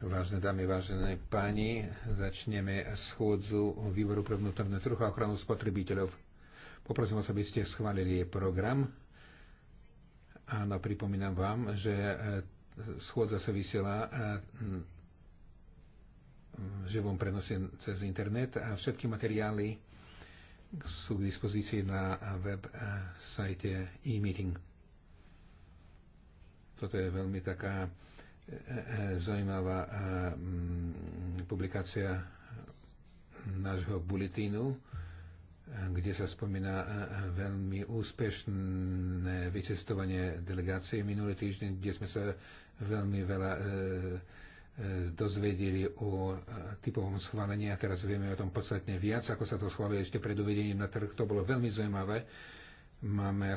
Vážne dámy, vážené páni, začneme schôdzu výboru pre vnútorné trhu a ochranu spotrebiteľov. Poprosím vás, aby ste schválili program. Áno, pripomínam vám, že e, schôdza sa vysiela e, v živom prenose cez internet a všetky materiály sú k dispozícii na web e, sajte e-meeting. Toto je veľmi taká zaujímavá eh, mm, publikácia nášho bulletinu, eh, kde sa spomína eh, veľmi úspešné vycestovanie delegácie minulý týždeň, kde sme sa veľmi veľa dozvedeli o typovom schválení a teraz vieme o tom podstatne viac, ako sa to schválilo ešte pred uvedením na trh. To bolo veľmi zaujímavé Máme e,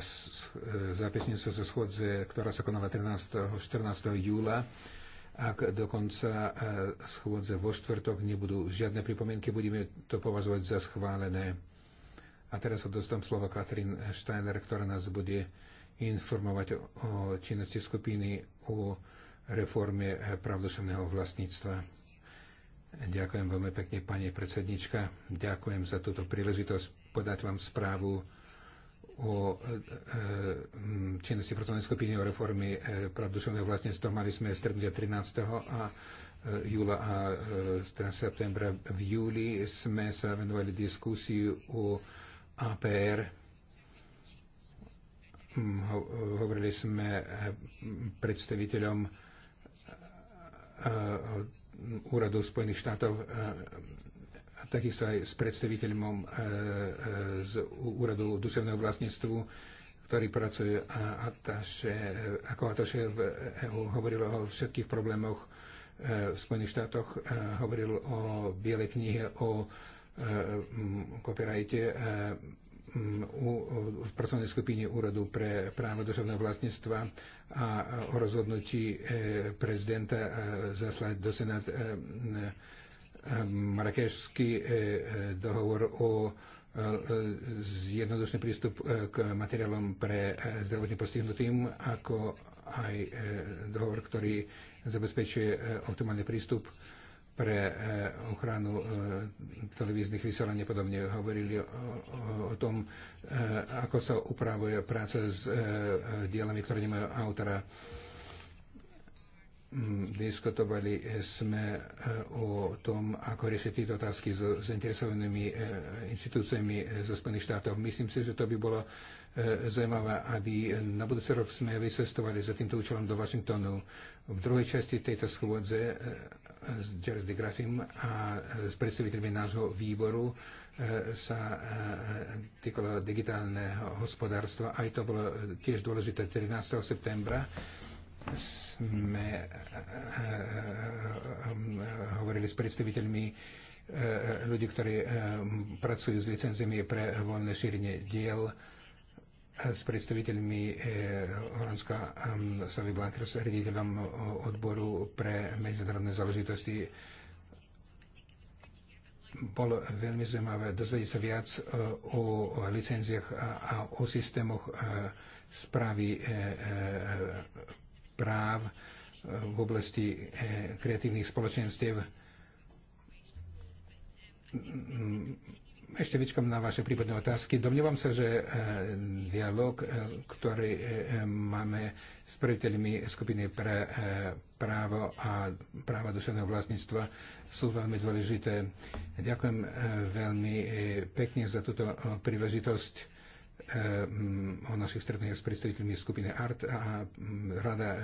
zápisnicu zo schodze, ktorá sa konala 13. 14. júla. Ak do konca e, schôdze vo štvrtok nebudú žiadne pripomienky, budeme to považovať za schválené. A teraz dostám slovo Katrin Steiner, ktorá nás bude informovať o činnosti skupiny o reforme e, pravduševného vlastníctva. Ďakujem veľmi pekne, pani predsednička. Ďakujem za túto príležitosť podať vám správu o e, e, činnosti pracovnej skupiny o reformy e, práv duševného vlastníctva. Mali sme stretnutie 13. a júla a 13. septembra. V júli sme sa venovali diskusiu mm, o APR. Hovorili sme predstaviteľom Úradu Spojených štátov takisto aj s predstaviteľom e, e, z úradu duševného vlastníctvu, ktorý pracuje ataše, e, ako ataše v EU, hovoril o všetkých problémoch v Spojených štátoch, hovoril o Bielej knihe, o copyrighte v pracovnej skupine Úradu pre právo duševného vlastníctva a o rozhodnutí prezidenta zaslať do Senát Marrakešský e, e, dohovor o e, zjednodušný prístup k materiálom pre zdravotne postihnutým, ako aj dohovor, ktorý zabezpečuje optimálny prístup pre ochranu televíznych vysielaní a podobne. Hovorili o, o tom, ako sa upravuje práca s dielami, ktoré nemajú autora Diskutovali sme eh, o tom, ako riešiť tieto otázky so zainteresovanými eh, inštitúciami eh, zo Spojených štátov. Myslím si, že to by bolo zaujímavé, aby na budúci rok sme vysvestovali za týmto účelom do Washingtonu. V druhej časti tejto schôdze s Jared DeGraffim a s predstaviteľmi nášho výboru sa týkalo digitálneho hospodárstva. Aj to bolo tiež dôležité 13. septembra sme eh, eh, eh, hovorili s predstaviteľmi ľudí, ktorí pracujú s licenziami pre voľné šírenie diel s predstaviteľmi Holandska Savi Blankers, s riaditeľom odboru pre medzinárodné záležitosti. Bolo veľmi zaujímavé dozvedieť sa viac o licenziách a o systémoch správy práv e, v oblasti e, kreatívnych spoločenstiev. Ešte vyčkam na vaše prípadné otázky. Domnievam sa, že e, dialog, ktorý máme s prediteľmi skupiny pre právo a práva duševného vlastníctva sú veľmi dôležité. Ďakujem veľmi pekne za túto príležitosť Eh, mm, o našich stretnutiach s predstaviteľmi skupiny ART a mm, rada eh, eh,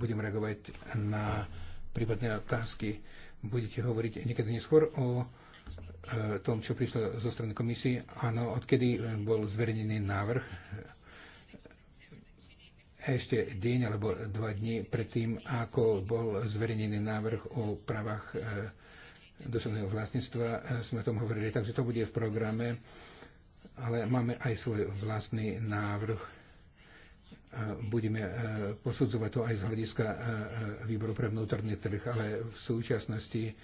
budem reagovať na prípadné otázky. Budete hovoriť niekedy neskôr o tom, čo prišlo zo strany komisie. Áno, odkedy bol zverejnený návrh ešte deň alebo dva dní predtým, ako bol zverejnený návrh o právach duševného vlastníctva, sme o tom hovorili, takže to bude v programe ale máme aj svoj vlastný návrh. Budeme e, posudzovať to aj z hľadiska e, e, výboru pre vnútorný trh, ale v súčasnosti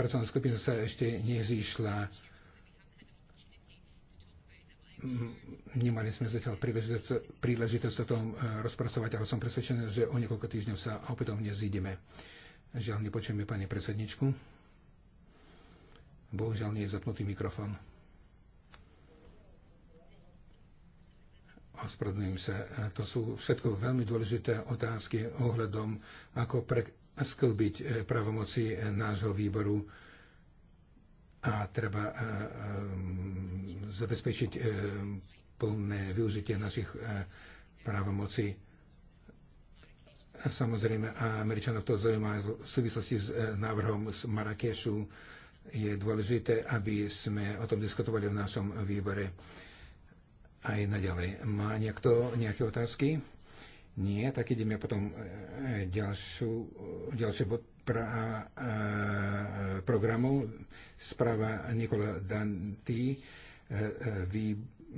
pracovná skupina sa ešte nezýšla. Nemali sme zatiaľ príležitosť, o tom rozpracovať, ale som presvedčený, že o niekoľko týždňov sa opätovne zídeme. Žiaľ, nepočujeme pani predsedničku. Bohužiaľ, nie je zapnutý mikrofón. ospravedlňujem sa, e, to sú všetko veľmi dôležité otázky ohľadom, ako presklbiť sklbiť e, pravomoci e, nášho výboru a treba zabezpečiť plné využitie našich právomocí. Samozrejme, a Američanov to zaujíma v súvislosti s návrhom z Marrakešu. Je dôležité, aby sme o tom diskutovali v našom výbore aj naďalej. Má niekto nejaké otázky? Nie, tak ideme potom e, ďalšiu, e, ďalší bod pra, a, e, a, programu. Správa Nikola Dantý,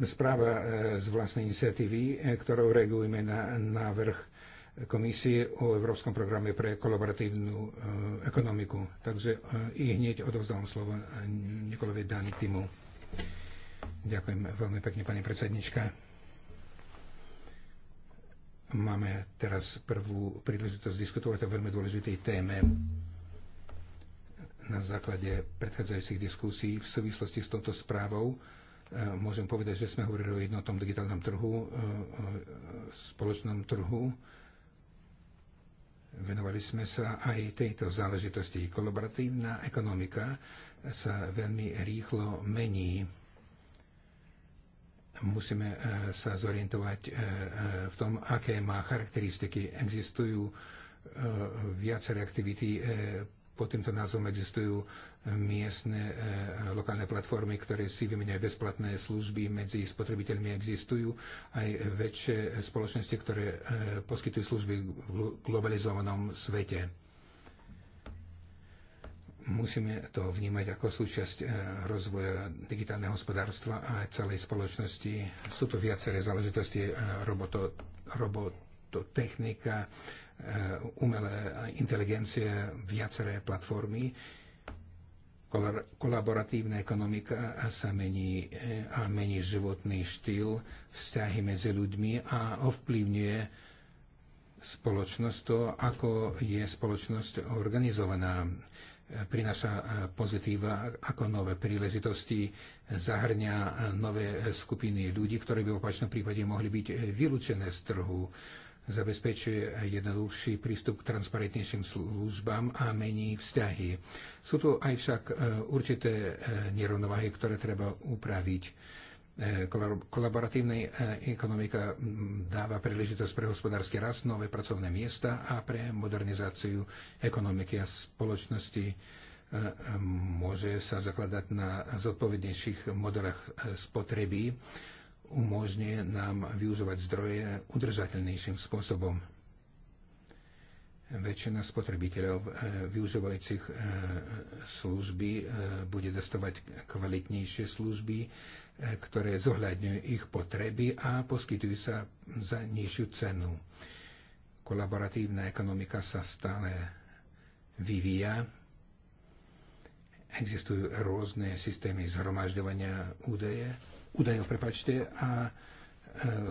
správa z vlastnej iniciatívy, ktorou reagujeme na návrh komisie o Európskom programe pre kolaboratívnu ekonomiku. Takže i hneď odovzdávam slovo Nikolovi Dantýmu. Ďakujem veľmi pekne, pani predsednička. Máme teraz prvú príležitosť diskutovať o veľmi dôležitej téme na základe predchádzajúcich diskusí v súvislosti s touto správou e, môžem povedať, že sme hovorili o jednotnom digitálnom trhu, e, spoločnom trhu. Venovali sme sa aj tejto záležitosti. Kolaboratívna ekonomika sa veľmi rýchlo mení musíme e, sa zorientovať e, e, v tom, aké má charakteristiky. Existujú viaceré aktivity pod týmto názvom existujú miestne lokálne platformy, ktoré si vymeniajú bezplatné služby medzi spotrebiteľmi. Existujú aj väčšie spoločnosti, ktoré poskytujú služby v globalizovanom svete Musíme to vnímať ako súčasť e, rozvoja digitálneho hospodárstva a aj celej spoločnosti. Sú to viaceré záležitosti, e, roboto, robototechnika, e, umelé inteligencie, viaceré platformy kolaboratívna ekonomika sa mení a mení životný štýl, vzťahy medzi ľuďmi a ovplyvňuje spoločnosť to, ako je spoločnosť organizovaná prináša e, pozitíva ako nové príležitosti, zahrňa e, nové skupiny ľudí, ktoré by v opačnom prípade mohli byť e, vylúčené z trhu, zabezpečuje jednoduchší prístup k transparentnejším službám a mení vzťahy. Sú tu aj však určité nerovnováhy, ktoré treba upraviť Eh, Kolaboratívna eh, ekonomika mm, dáva príležitosť pre hospodársky rast, nové pracovné miesta a pre modernizáciu ekonomiky a spoločnosti eh, môže sa zakladať na zodpovednejších modelách spotreby, umožňuje nám využívať zdroje udržateľnejším spôsobom. Väčšina spotrebiteľov využívajúcich služby bude dostávať kvalitnejšie služby, ktoré zohľadňujú ich potreby a poskytujú sa za nižšiu cenu. Kolaboratívna ekonomika sa stále vyvíja. Existujú rôzne systémy zhromažďovania údaje, údajov prepačte, a e,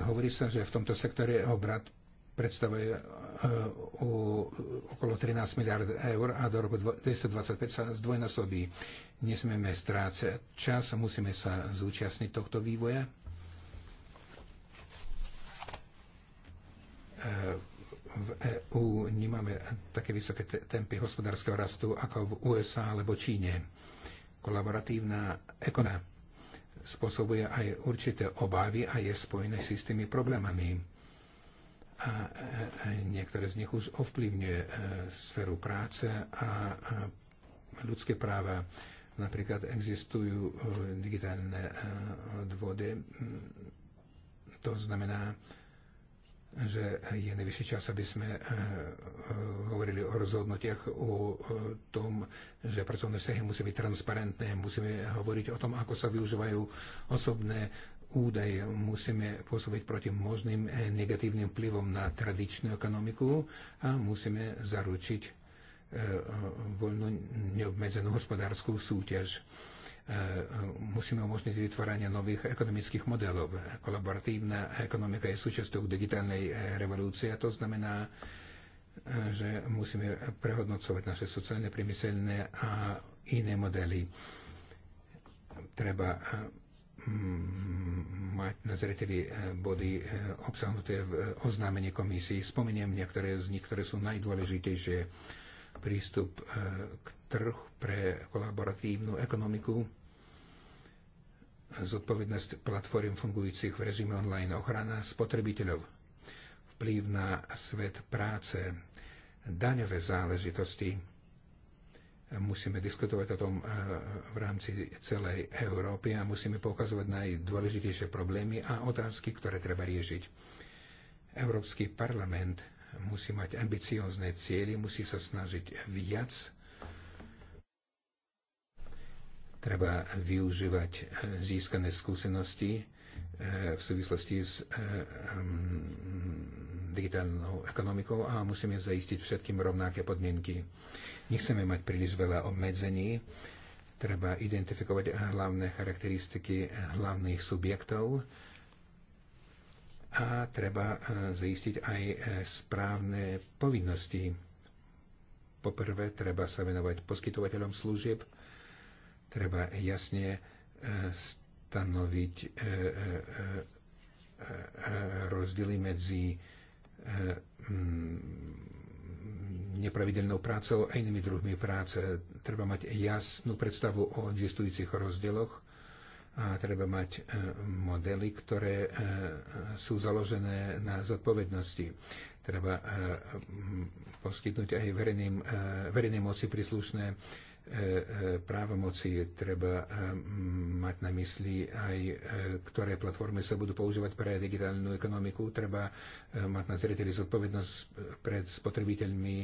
hovorí sa, že v tomto sektore obrad predstavuje o, e, okolo 13 miliard eur a do roku 225 sa zdvojnásobí. Nesmieme strácať čas, a musíme sa zúčastniť tohto vývoja. V EU nemáme také vysoké tempy hospodárskeho rastu ako v USA alebo Číne. Kolaboratívna ekona spôsobuje aj určité obavy a je spojené s istými problémami. A e, e, niektoré z nich už ovplyvňuje e, sféru práce a ľudské práva. Napríklad existujú e, digitálne e, odvody. To znamená, že je najvyšší čas, aby sme e, hovorili o rozhodnutiach, o tom, že pracovné vzťahy musí byť transparentné, musíme hovoriť o tom, ako sa využívajú osobné údaje, musíme pôsobiť proti možným negatívnym vplyvom na tradičnú ekonomiku a musíme zaručiť Eh, voľno neobmedzenú hospodárskú súťaž. Eh, musíme umožniť vytváranie nových ekonomických modelov. Kolaboratívna ekonomika je súčasťou digitálnej eh, revolúcie a to znamená, že musíme prehodnocovať naše sociálne, priemyselné a iné modely. Treba mať na zreteli body obsahnuté v oznámení komisii. Spomeniem niektoré z nich, ktoré sú najdôležitejšie prístup e, k trhu pre kolaboratívnu ekonomiku, zodpovednosť platform fungujúcich v režime online, ochrana spotrebiteľov, vplyv na svet práce, daňové záležitosti. Musíme diskutovať o tom e, v rámci celej Európy a musíme poukazovať na najdôležitejšie problémy a otázky, ktoré treba riešiť. Európsky parlament musí mať ambiciózne cieľy, musí sa snažiť viac. Treba využívať eh, získané skúsenosti eh, v súvislosti s eh, mm, digitálnou ekonomikou a musíme zaistiť všetkým rovnaké podmienky. Nechceme mať príliš veľa obmedzení, treba identifikovať hlavné charakteristiky hlavných subjektov, a treba e, zistiť aj e, správne povinnosti. Poprvé, treba sa venovať poskytovateľom služieb, treba jasne e, stanoviť rozdiely medzi mm, nepravidelnou prácou a inými druhmi práce. Treba mať jasnú predstavu o existujúcich rozdieloch a treba mať e, modely, ktoré e, sú založené na zodpovednosti. Treba e, poskytnúť aj verejným, verejnej moci príslušné právomoci. Treba mať na mysli aj, ktoré platformy sa budú používať pre digitálnu ekonomiku. Treba mať na zreteli zodpovednosť pred spotrebiteľmi,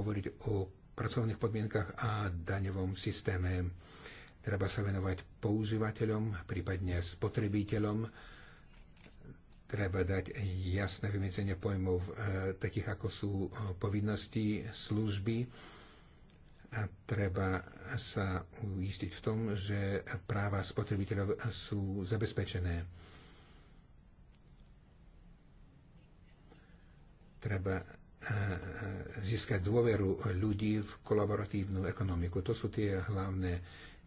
hovoriť o pracovných podmienkach a daňovom systéme Treba sa venovať používateľom, prípadne spotrebiteľom. Treba dať jasné vymedzenie pojmov eh, takých, ako sú eh, povinnosti, služby a treba sa uistiť v tom, že práva spotrebiteľov sú zabezpečené. Treba eh, získať dôveru ľudí v kolaboratívnu ekonomiku. To sú tie hlavné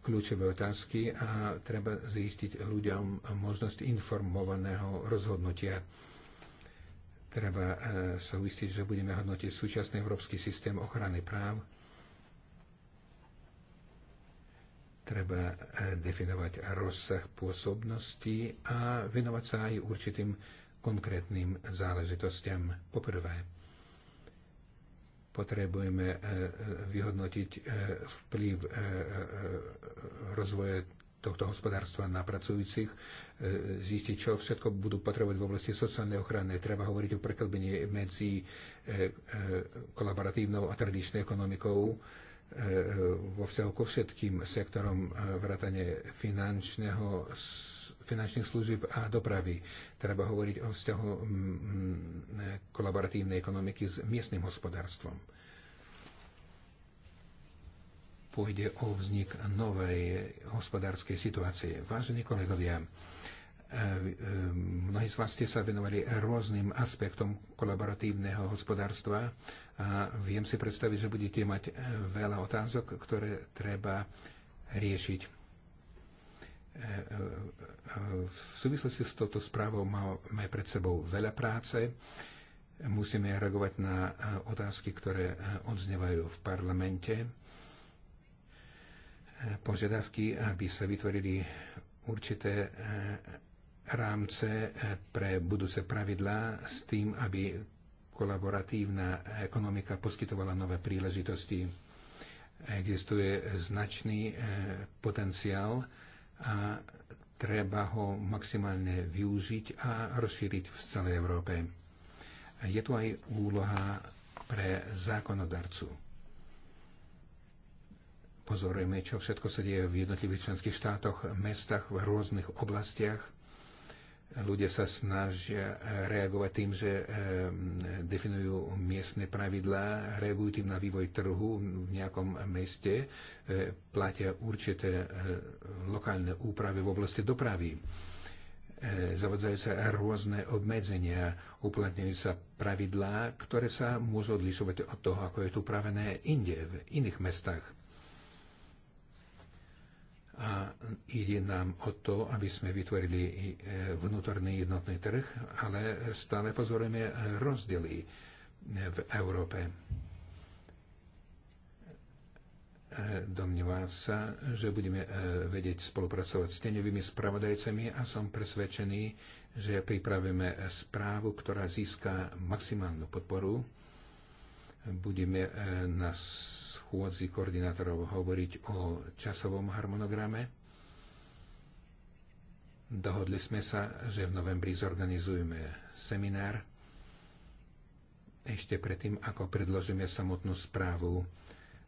kľúčové otázky a treba zistiť ľuďom možnosť informovaného rozhodnutia. Treba e, sa uistiť, že budeme hodnotiť súčasný európsky systém ochrany práv. Treba e, definovať rozsah pôsobnosti a venovať sa aj určitým konkrétnym záležitostiam. Poprvé, Potrebujeme e, e, vyhodnotiť e, vplyv rozvoja tohto hospodárstva na pracujúcich, zistiť, čo všetko budú potrebovať v oblasti sociálnej ochrany. Treba hovoriť o preklbení medzi kolaboratívnou a tradičnou ekonomikou vo vzťahu ko všetkým sektorom vrátane finančného, finančných služieb a dopravy. Treba hovoriť o vzťahu mm, mm, kolaboratívnej ekonomiky s miestnym hospodárstvom. Pôjde o vznik novej hospodárskej situácie. Vážení kolegovia, e, e, mnohí z vás ste sa venovali rôznym aspektom kolaboratívneho hospodárstva a viem si predstaviť, že budete mať e, veľa otázok, ktoré treba riešiť v súvislosti s touto správou máme pred sebou veľa práce. Musíme reagovať na eh, otázky, ktoré eh, odznevajú v parlamente. Eh, požiadavky, aby sa vytvorili určité rámce pre budúce pravidlá s tým, aby kolaboratívna ekonomika poskytovala nové príležitosti. Existuje značný potenciál a treba ho maximálne využiť a rozšíriť v celej Európe. Je tu aj úloha pre zákonodarcu. Pozorujeme, čo všetko sa deje v jednotlivých členských štátoch, mestách, v rôznych oblastiach Ľudia sa snažia eh, reagovať tým, že eh, definujú miestne pravidlá, reagujú tým na vývoj trhu v nejakom meste, eh, platia určité lokálne úpravy v oblasti dopravy zavodzajú sa rôzne obmedzenia, uplatňujú sa pravidlá, ktoré sa môžu odlišovať od toho, ako je tu upravené inde, v iných mestách a ide nám o to, aby sme vytvorili e, vnútorný jednotný trh, ale stále pozorujeme rozdiely e, v Európe. E, Domnívam sa, že budeme vedieť spolupracovať s tenevými spravodajcami a som presvedčený, že pripravíme správu, ktorá získa maximálnu podporu. Budeme nás schôdzi koordinátorov hovoriť o časovom harmonograme. Dohodli sme sa, že v novembri zorganizujeme seminár ešte predtým, ako predložíme samotnú správu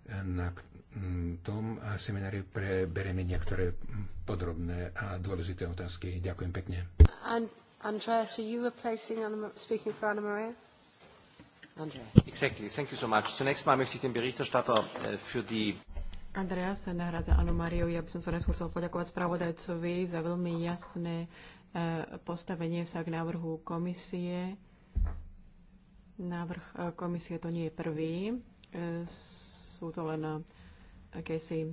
eh, na tom seminári prebereme niektoré podrobné a dôležité otázky. Ďakujem pekne. And Andrea, so you were placing speaking for Anna Maria? Andreas. sa äh, nahrádza Anu Mariu. Ja by som sa najskôr chcel poďakovať spravodajcovi za veľmi jasné e, postavenie sa k návrhu komisie. Návrh e, komisie to nie je prvý. E, sú to len akési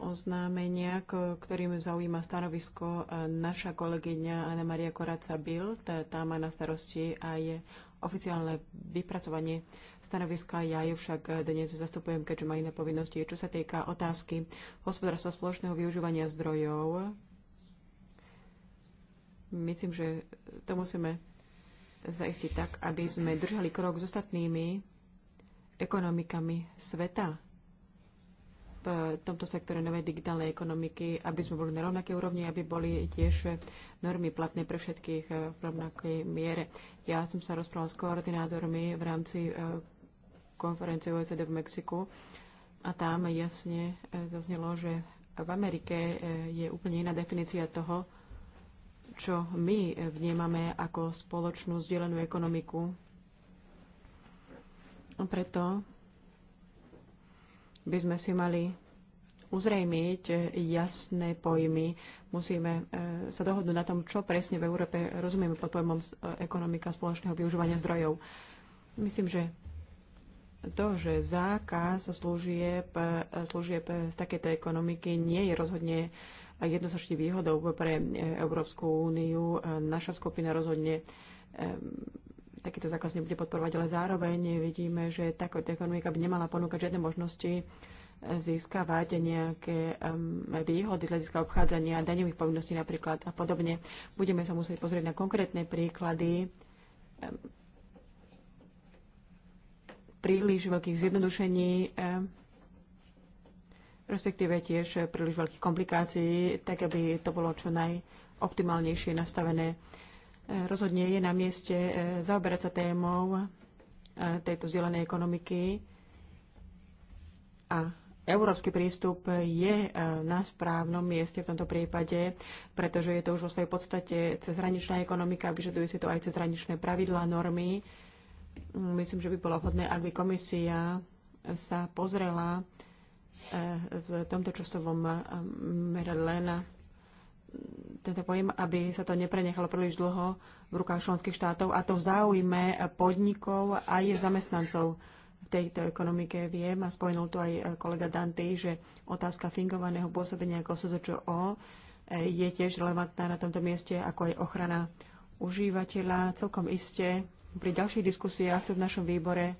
oznámenia, ktorým zaujíma stanovisko naša kolegyňa Anna Maria Koraca Bild. Tá má na starosti aj oficiálne vypracovanie stanoviska. Ja ju však dnes zastupujem, keďže má iné povinnosti. Čo sa týka otázky hospodárstva spoločného využívania zdrojov, myslím, že to musíme zaistiť tak, aby sme držali krok s ostatnými ekonomikami sveta v tomto sektore novej digitálnej ekonomiky, aby sme boli na rovnakej úrovni, aby boli tiež normy platné pre všetkých eh, v rovnakej miere. Ja som sa rozprával s koordinátormi v rámci eh, konferencie OECD v Mexiku a tam jasne eh, zaznelo, že v Amerike je úplne iná definícia toho, čo my vnímame ako spoločnú zdieľanú ekonomiku. A Preto by sme si mali uzrejmiť jasné pojmy. Musíme e, sa dohodnúť na tom, čo presne v Európe rozumieme pod pojmom e, ekonomika spoločného využívania zdrojov. Myslím, že to, že zákaz služieb, e, služieb z takéto ekonomiky nie je rozhodne jednoznačne výhodou pre Európsku úniu. Naša skupina rozhodne takýto zákaz nebude podporovať, ale zároveň vidíme, že taká ekonomika by nemala ponúkať žiadne možnosti získavať nejaké um, výhody z hľadiska obchádzania daňových povinností napríklad a podobne. Budeme sa musieť pozrieť na konkrétne príklady um, príliš veľkých zjednodušení, um, respektíve tiež príliš veľkých komplikácií, tak aby to bolo čo najoptimálnejšie nastavené. E, rozhodne je na mieste e, zaoberať sa témou e, tejto zelenej ekonomiky a európsky prístup je na správnom mieste v tomto prípade, pretože je to už vo svojej podstate cezhraničná ekonomika, vyžaduje si to aj cezhraničné pravidlá, normy. Mm, myslím, že by bolo vhodné, ak by komisia sa pozrela v tomto časovom meradle na tento pojem, aby sa to neprenechalo príliš dlho v rukách členských štátov a to v záujme podnikov aj zamestnancov v tejto ekonomike. Viem a spomenul tu aj kolega Danty, že otázka fingovaného pôsobenia ako SZČO e, je tiež relevantná na tomto mieste, ako aj ochrana užívateľa. Celkom iste pri ďalších diskusiách tu v našom výbore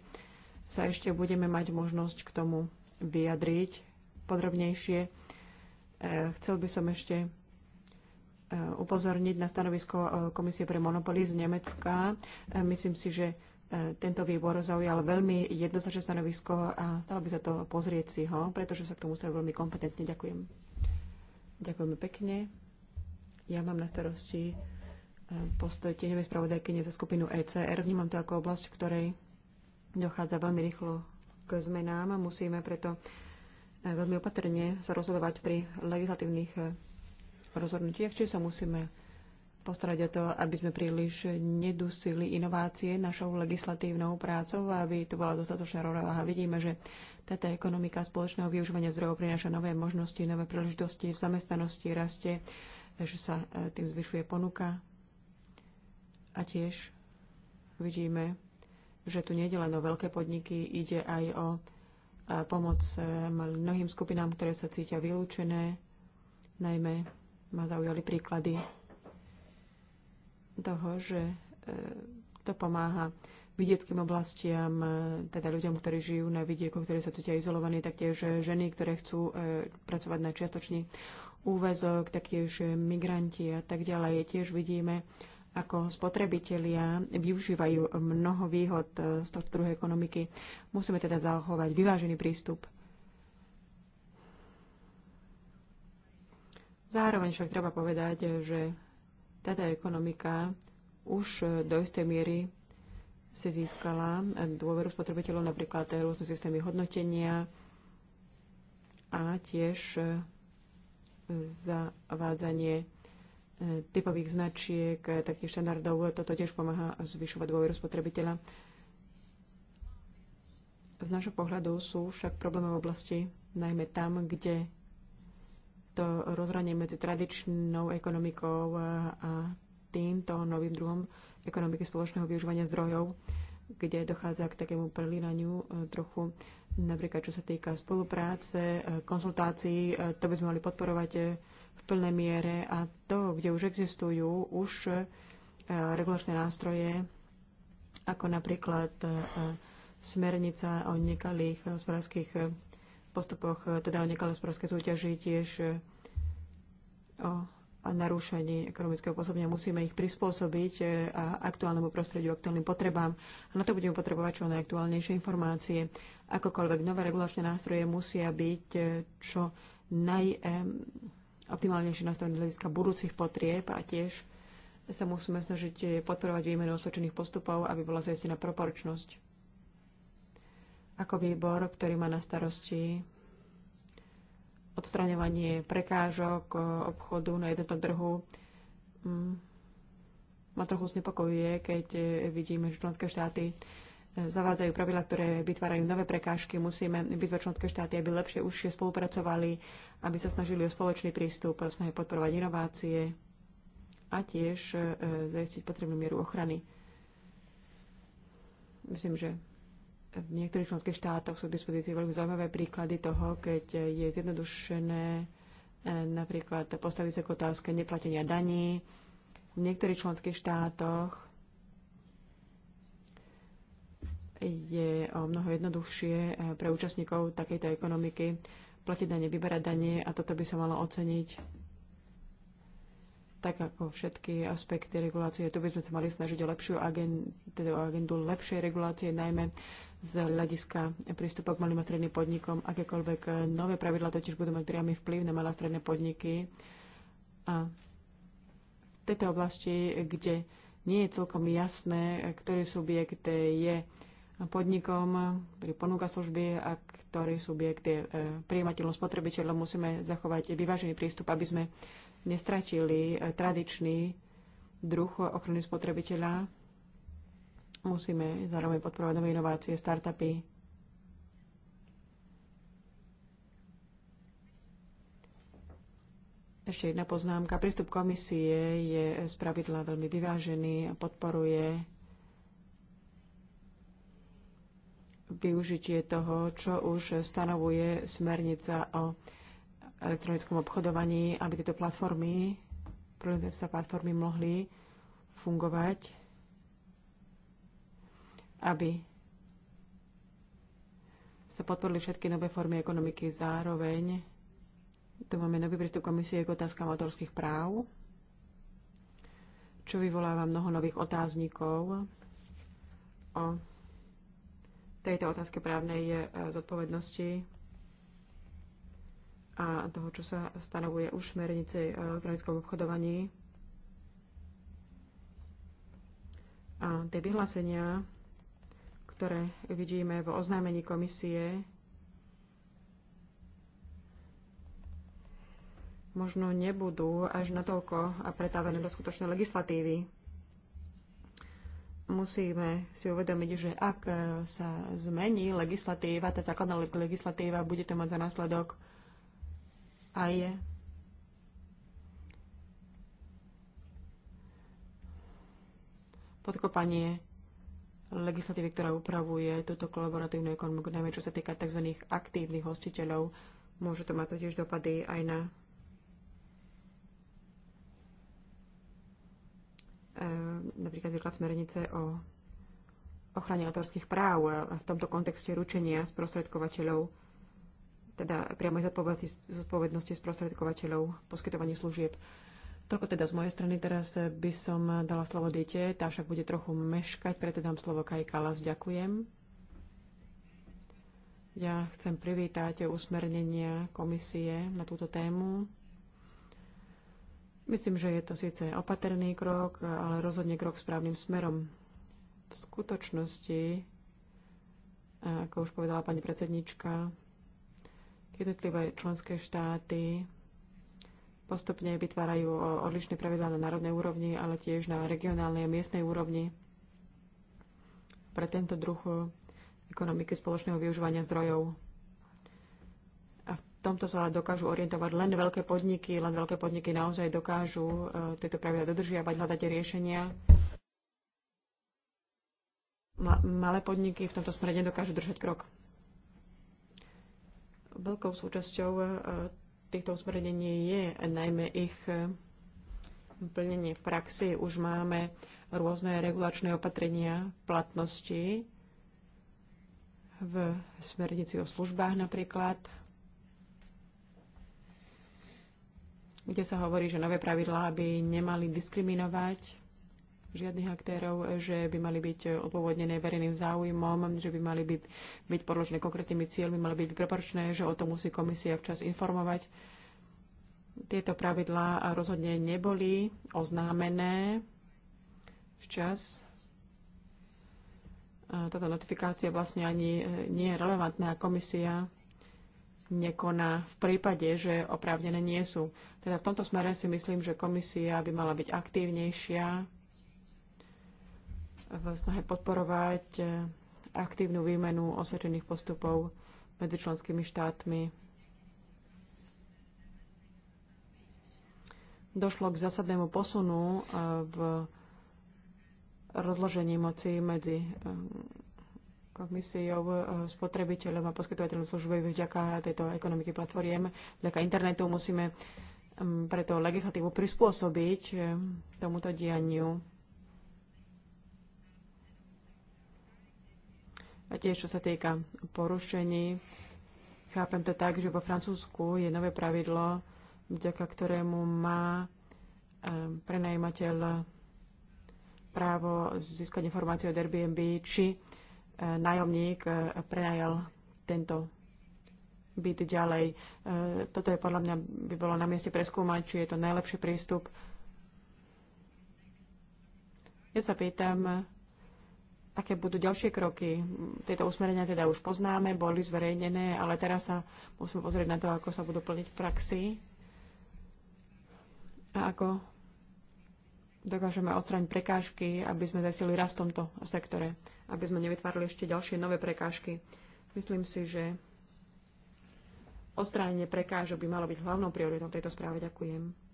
sa ešte budeme mať možnosť k tomu vyjadriť podrobnejšie. E, chcel by som ešte Eh, upozorniť na stanovisko eh, Komisie pre monopoly z Nemecka. Eh, myslím si, že tento výbor zaujal veľmi jednoznačné stanovisko a stalo by sa to pozrieť si ho, pretože sa k tomu stavil veľmi kompetentne. Ďakujem. Ďakujeme pekne. Ja mám na starosti postoj tieňovej spravodajkyne za skupinu ECR. Vnímam to ako oblasť, v ktorej dochádza veľmi rýchlo k zmenám a musíme preto veľmi opatrne sa rozhodovať pri legislatívnych rozhodnutiach, či sa musíme postarať o to, aby sme príliš nedusili inovácie našou legislatívnou prácou aby tu bola dostatočná rovnováha. Vidíme, že táto ekonomika spoločného využívania zdrojov prináša nové možnosti, nové príležitosti v zamestnanosti, raste, že sa e, tým zvyšuje ponuka. A tiež vidíme, že tu nie je len o veľké podniky, ide aj o e, pomoc e, mnohým skupinám, ktoré sa cítia vylúčené, najmä ma zaujali príklady toho, že e, to pomáha vidieckým oblastiam, e, teda ľuďom, ktorí žijú na vidieku, ktorí sa cítia izolovaní, taktiež e, ženy, ktoré chcú pracovať na čiastočný úvezok, taktiež migranti a tak ďalej. Tiež vidíme, ako spotrebitelia využívajú mnoho výhod z tohto druhu ekonomiky. Musíme teda zachovať vyvážený prístup Zároveň však treba povedať, že táto ekonomika už do istej miery si získala dôveru spotrebiteľov, napríklad rôzne systémy hodnotenia a tiež zavádzanie e, typových značiek, e, takých štandardov. Toto tiež pomáha zvyšovať dôveru spotrebiteľa. Z nášho pohľadu sú však problémy v oblasti najmä tam, kde to rozhranie medzi tradičnou ekonomikou eh, a týmto novým druhom ekonomiky spoločného využívania zdrojov, kde dochádza k takému prelínaniu eh, trochu, napríklad čo sa týka spolupráce, eh, konzultácií, to by sme mali podporovať v plnej miere a to, kde už existujú už regulačné nástroje, ako napríklad smernica o nekalých hospodárských postupoch, eh, teda o nekalej súťaži, tiež eh, o narúšaní ekonomického pôsobenia. Musíme ich prispôsobiť eh, a aktuálnemu prostrediu, aktuálnym potrebám. A na to budeme potrebovať čo najaktuálnejšie informácie. Akokoľvek nové regulačné nástroje musia byť čo najoptimálnejšie nastavené z hľadiska budúcich potrieb a tiež sa musíme snažiť podporovať výmenu osvedčených postupov, aby bola zajistená proporčnosť. Ako výbor, ktorý má na starosti odstraňovanie prekážok e, obchodu na jednotnom trhu, mm, ma trochu znepokojuje, keď e, vidíme, že členské štáty e, zavádzajú pravidla, ktoré vytvárajú nové prekážky. Musíme vyzvať členské štáty, aby lepšie už spolupracovali, aby sa snažili o spoločný prístup, o snahe podporovať inovácie a tiež zajistiť potrebnú mieru ochrany. Myslím, že v niektorých členských štátoch sú k dispozícii veľmi zaujímavé príklady toho, keď je zjednodušené e, napríklad postaviť sa k otázke neplatenia daní. V niektorých členských štátoch je o mnoho jednoduchšie e, pre účastníkov takejto ekonomiky platiť dane, vyberať danie a toto by sa malo oceniť tak ako všetky aspekty regulácie. Tu by sme sa mali snažiť o lepšiu agendu, teda o agendu lepšej regulácie, najmä z hľadiska prístupu k malým a stredným podnikom. Akékoľvek nové pravidla totiž budú mať priamy vplyv na malé a stredné podniky. A v tejto oblasti, kde nie je celkom jasné, ktorý subjekt je podnikom, ktorý ponúka služby a ktorý subjekt je e, prijímateľom spotrebiteľom, musíme zachovať vyvážený prístup, aby sme nestratili e, tradičný druh ochrany spotrebiteľa Musíme zároveň podporovať nové inovácie, startupy. Ešte jedna poznámka. Prístup komisie je z pravidla veľmi vyvážený a podporuje využitie toho, čo už stanovuje smernica o elektronickom obchodovaní, aby tieto platformy, sa platformy mohli fungovať aby sa podporili všetky nové formy ekonomiky zároveň. Tu máme nový prístup komisie k otázkam autorských práv, čo vyvoláva mnoho nových otáznikov o tejto otázke právnej e, zodpovednosti a toho, čo sa stanovuje už v smernici e, elektronickom obchodovaní. A tie vyhlásenia ktoré vidíme v oznámení komisie, možno nebudú až natoľko pretávené do skutočnej legislatívy. Musíme si uvedomiť, že ak sa zmení legislatíva, tá základná legislatíva, bude to mať za následok aj podkopanie legislatívy, ktorá upravuje túto kolaboratívnu ekonomiku, najmä čo sa týka tzv. aktívnych hostiteľov. Môže to mať totiž dopady aj na e, napríklad výklad smernice o ochrane autorských práv a v tomto kontexte ručenia sprostredkovateľov, teda priamej zodpovednosti sprostredkovateľov poskytovaní služieb. Toľko teda z mojej strany. Teraz by som dala slovo dieťa, tá však bude trochu meškať, preto dám slovo Kaj Kalas. Ďakujem. Ja chcem privítať usmernenia komisie na túto tému. Myslím, že je to síce opatrný krok, ale rozhodne krok správnym smerom. V skutočnosti, ako už povedala pani predsednička, jednotlivé členské štáty postupne vytvárajú odlišné pravidlá na národnej úrovni, ale tiež na regionálnej a miestnej úrovni pre tento druh e, ekonomiky spoločného využívania zdrojov. A v tomto sa dokážu orientovať len veľké podniky, len veľké podniky naozaj dokážu e, tieto pravidlá dodržiavať, hľadať riešenia malé podniky v tomto smere nedokážu držať krok. Veľkou súčasťou e, týchto usmernení je najmä ich e, plnenie v praxi. Už máme rôzne regulačné opatrenia platnosti v smernici o službách napríklad, kde sa hovorí, že nové pravidlá by nemali diskriminovať žiadnych aktérov, že by mali byť odôvodnené verejným záujmom, že by mali byť, byť podložené konkrétnymi cieľmi, mali byť preporučné, že o tom musí komisia včas informovať. Tieto pravidlá rozhodne neboli oznámené včas. Táto notifikácia vlastne ani e, nie je relevantná. Komisia nekoná v prípade, že oprávnené nie sú. Teda v tomto smere si myslím, že komisia by mala byť aktívnejšia v snahe podporovať e, aktívnu výmenu osvedčených postupov medzi členskými štátmi. Došlo k zásadnému posunu e, v rozložení moci medzi e, komisiou, spotrebiteľom a poskytovateľom služby vďaka tejto ekonomiky platformiem, vďaka internetu musíme preto legislatívu prispôsobiť tomuto dianiu. A tiež, čo sa týka porušení, chápem to tak, že vo Francúzsku je nové pravidlo, vďaka ktorému má prenajímateľ právo získať informáciu od Airbnb, či e, nájomník e, prenajal tento byt ďalej. E, toto je podľa mňa by bolo na mieste preskúmať, či je to najlepší prístup. Ja sa pýtam, aké budú ďalšie kroky. Tieto usmerenia teda už poznáme, boli zverejnené, ale teraz sa musíme pozrieť na to, ako sa budú plniť v praxi a ako dokážeme odstrániť prekážky, aby sme zasili rast v tomto sektore, aby sme nevytvárali ešte ďalšie nové prekážky. Myslím si, že odstránenie prekážok by malo byť hlavnou prioritou tejto správy. Ďakujem.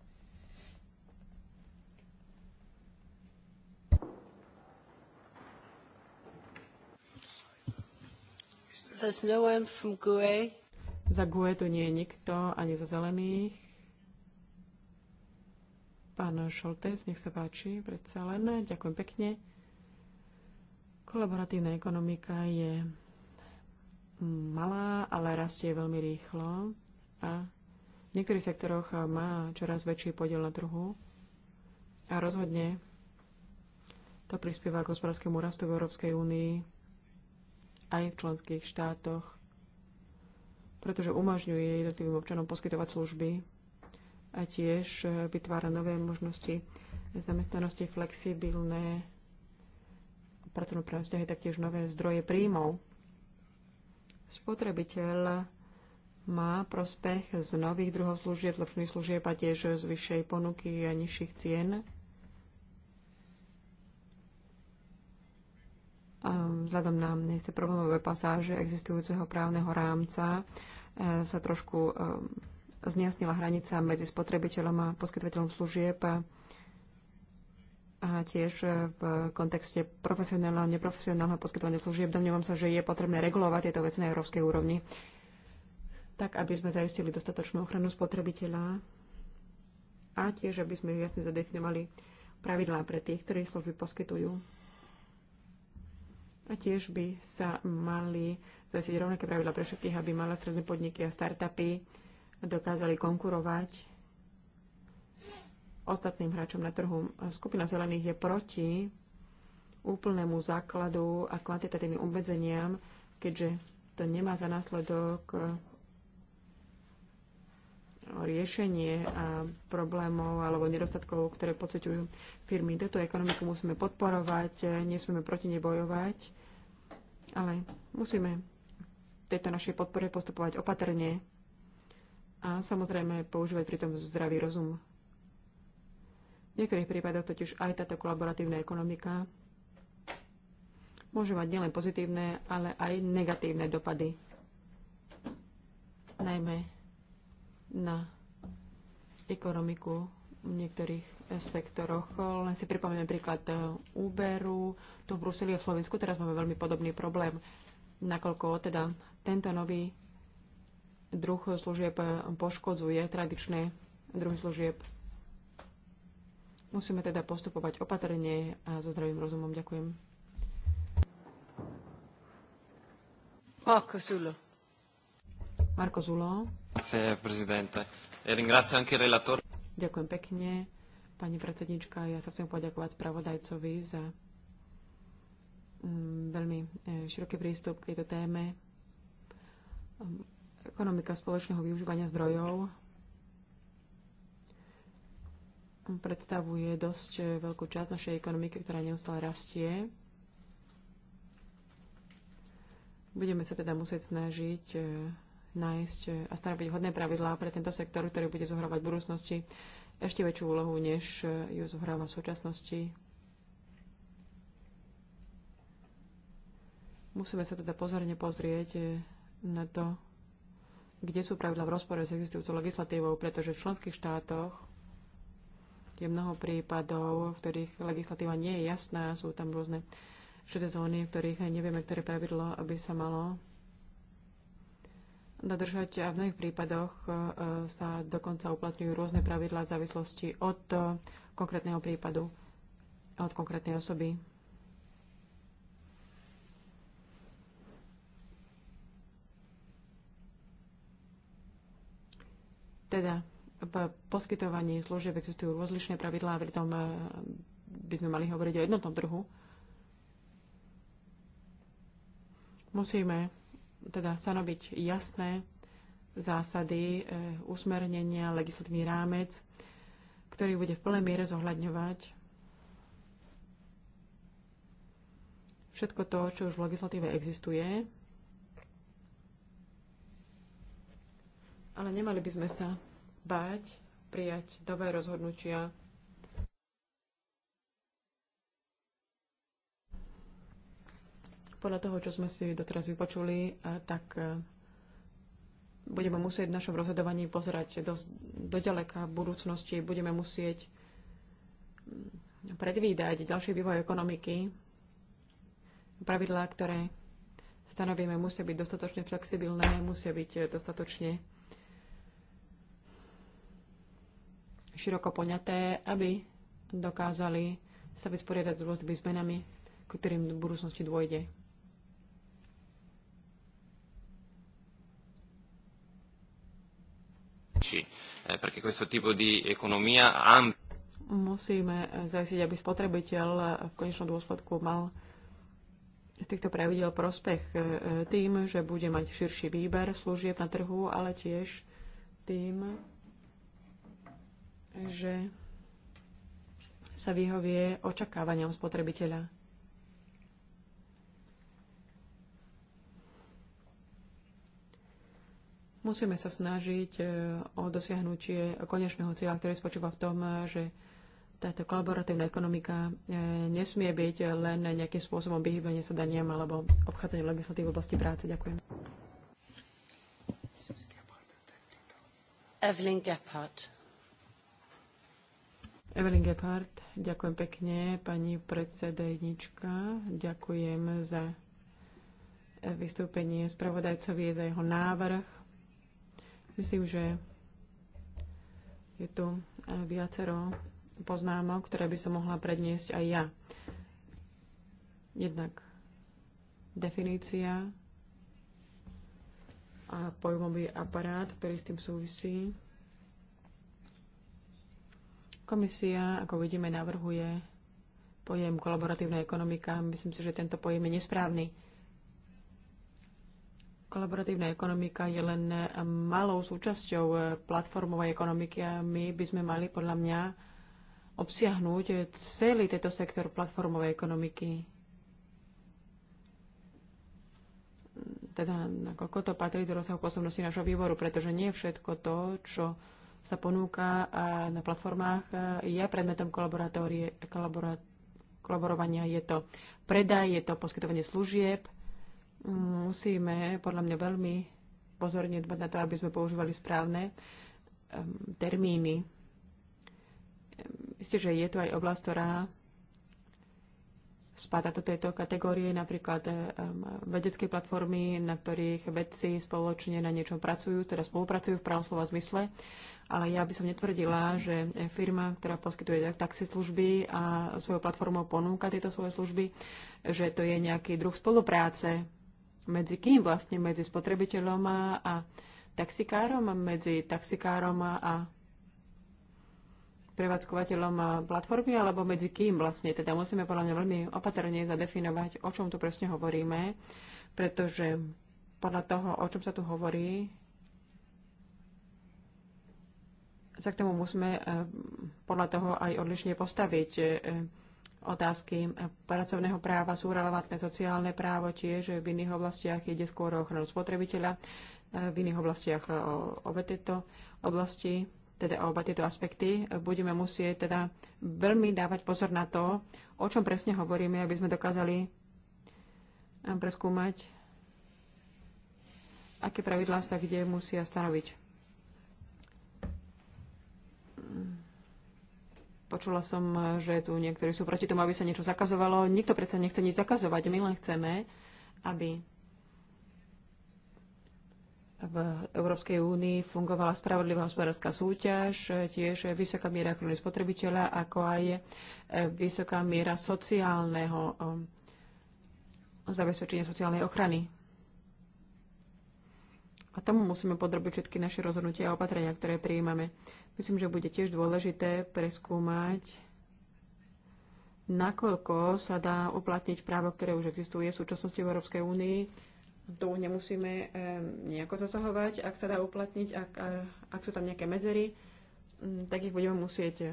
There's no one from GUE. Za GUE tu nie je nikto, ani za zelených. Pán Šoltes, nech sa páči, predsa len. Ďakujem pekne. Kolaboratívna ekonomika je malá, ale rastie veľmi rýchlo a v niektorých sektoroch má čoraz väčší podiel na trhu a rozhodne to prispieva k hospodárskému rastu v Európskej únii aj v členských štátoch, pretože umožňuje jednotlivým občanom poskytovať služby a tiež eh, vytvára nové možnosti zamestnanosti, flexibilné pracovnoprávne vzťahy, taktiež nové zdroje príjmov. Spotrebiteľ má prospech z nových druhov služieb, lepších služieb a tiež z vyššej ponuky a nižších cien. vzhľadom na isté problémové pasáže existujúceho právneho rámca e, sa trošku e, zniasnila hranica medzi spotrebiteľom a poskytovateľom služieb a, a tiež e, v kontexte profesionálneho a neprofesionálneho poskytovania služieb. Domnievam sa, že je potrebné regulovať tieto veci na európskej úrovni, tak aby sme zaistili dostatočnú ochranu spotrebiteľa a tiež aby sme jasne zadefinovali pravidlá pre tých, ktorí služby poskytujú. A tiež by sa mali zasiť rovnaké pravidla pre všetkých, aby malé stredné podniky a startupy dokázali konkurovať ostatným hráčom na trhu. Skupina zelených je proti úplnému základu a kvantitatívnym obmedzeniam, keďže to nemá za následok riešenie problémov alebo nedostatkov, ktoré pociťujú firmy. Toto ekonomiku musíme podporovať, e, nesmieme proti nej bojovať, ale musíme v tejto našej podpore postupovať opatrne a samozrejme používať pritom zdravý rozum. V niektorých prípadoch totiž aj táto kolaboratívna ekonomika môže mať nielen pozitívne, ale aj negatívne dopady. Najmä na ekonomiku v niektorých eh, sektoroch. Len si pripomínam príklad eh, Uberu, tu v Bruseli a v Slovensku teraz máme veľmi podobný problém, nakoľko teda tento nový druh služieb eh, poškodzuje tradičné druhy služieb. Musíme teda postupovať opatrne a so zdravým rozumom. Ďakujem. Marko Zulo. Marko Zulo. E Ďakujem pekne, pani predsednička. Ja sa chcem poďakovať spravodajcovi za mm, veľmi e, široký prístup k tejto téme. Ekonomika spoločného využívania zdrojov predstavuje dosť e, veľkú časť našej ekonomiky, ktorá neustále rastie. Budeme sa teda musieť snažiť nájsť eh, a stanoviť hodné pravidlá pre tento sektor, ktorý bude zohrávať v budúcnosti ešte väčšiu úlohu, než eh, ju zohráva v súčasnosti. Musíme sa teda pozorne pozrieť eh, na to, kde sú pravidla v rozpore s existujúcou legislatívou, pretože v členských štátoch je mnoho prípadov, v ktorých legislatíva nie je jasná, sú tam rôzne všetky zóny, v ktorých nevieme, ktoré pravidlo aby sa malo dodržať a v mnohých prípadoch e, sa dokonca uplatňujú rôzne pravidlá v závislosti od e, konkrétneho prípadu, od konkrétnej osoby. Teda v poskytovaní služieb existujú rozlišné pravidlá a pritom e, by sme mali hovoriť o jednotnom trhu. Musíme teda stanoviť jasné zásady, e, usmernenia, legislatívny rámec, ktorý bude v plnej miere zohľadňovať všetko to, čo už v legislatíve existuje, ale nemali by sme sa báť prijať nové rozhodnutia Podľa toho, čo sme si doteraz vypočuli, e, tak e, budeme musieť v našom rozhodovaní pozerať dosť doďaleka v budúcnosti, budeme musieť mm, predvídať ďalší vývoj ekonomiky. Pravidlá, ktoré stanovíme, musia byť dostatočne flexibilné, musia byť e, dostatočne široko poňaté, aby dokázali sa vysporiadať s rôznymi zmenami, ktorým v budúcnosti dôjde. Eh, pre questo tipo di economia ampia musíme zajistiť, aby spotrebiteľ v konečnom dôsledku mal z týchto pravidel prospech eh, tým, že bude mať širší výber služieb na trhu, ale tiež tým, že sa vyhovie očakávaniam spotrebiteľa. Musíme sa snažiť e, o dosiahnutie konečného cieľa, ktorý spočíva v tom, že táto kolaboratívna ekonomika e, nesmie byť len nejakým spôsobom vyhýbanie sa daniam alebo obchádzanie legislatívy v oblasti práce. Ďakujem. Evelyn Gephardt. Evelyn Gephardt, ďakujem pekne, pani predsedajnička. Ďakujem za e, vystúpenie spravodajcovi, za jeho návrh. Myslím, že je tu e, viacero poznámok, ktoré by som mohla predniesť aj ja. Jednak definícia a pojmový aparát, ktorý s tým súvisí. Komisia, ako vidíme, navrhuje pojem kolaboratívna ekonomika. Myslím si, že tento pojem je nesprávny. Kolaboratívna ekonomika je len eh, malou súčasťou eh, platformovej ekonomiky a my by sme mali podľa mňa obsiahnuť eh, celý tento sektor platformovej ekonomiky. Teda nakoľko to patrí do rozsahu pôsobnosti našho výboru, pretože nie všetko to, čo sa ponúka na platformách, je predmetom kolaborovania. Je to predaj, je to poskytovanie služieb, musíme podľa mňa veľmi pozorne dbať na to, aby sme používali správne termíny. Myslím, že je tu aj oblasť, ktorá spáda do tejto kategórie, napríklad vedecké platformy, na ktorých vedci spoločne na niečom pracujú, teda spolupracujú v pravom slova zmysle. Ale ja by som netvrdila, že firma, ktorá poskytuje služby a svojou platformou ponúka tieto svoje služby, že to je nejaký druh spolupráce medzi kým vlastne? Medzi spotrebiteľom a taxikárom, medzi taxikárom a prevádzkovateľom platformy, alebo medzi kým vlastne. Teda musíme podľa mňa veľmi opatrne zadefinovať, o čom tu presne hovoríme, pretože podľa toho, o čom sa tu hovorí, sa k tomu musíme eh, podľa toho aj odlišne postaviť eh, otázky pracovného práva sú relevantné sociálne právo tiež, v iných oblastiach ide skôr o ochranu spotrebiteľa, v iných oblastiach o e, obe tieto oblasti, teda o oba tieto aspekty. Budeme musieť teda veľmi dávať pozor na to, o čom presne hovoríme, aby sme dokázali e, preskúmať, aké pravidlá sa kde musia stanoviť. Počula som, že tu niektorí sú proti tomu, aby sa niečo zakazovalo. Nikto predsa nechce nič zakazovať. My len chceme, aby v Európskej únii fungovala spravodlivá hospodárska súťaž, tiež vysoká miera ochrany spotrebiteľa, ako aj vysoká miera sociálneho um, zabezpečenia sociálnej ochrany. A tomu musíme podrobiť všetky naše rozhodnutia a opatrenia, ktoré prijímame. Myslím, že bude tiež dôležité preskúmať, nakoľko sa dá uplatniť právo, ktoré už existuje v súčasnosti v Európskej únii. Tu nemusíme nejako zasahovať, ak sa dá uplatniť, ak, ak sú tam nejaké medzery, mm, tak ich budeme musieť eh,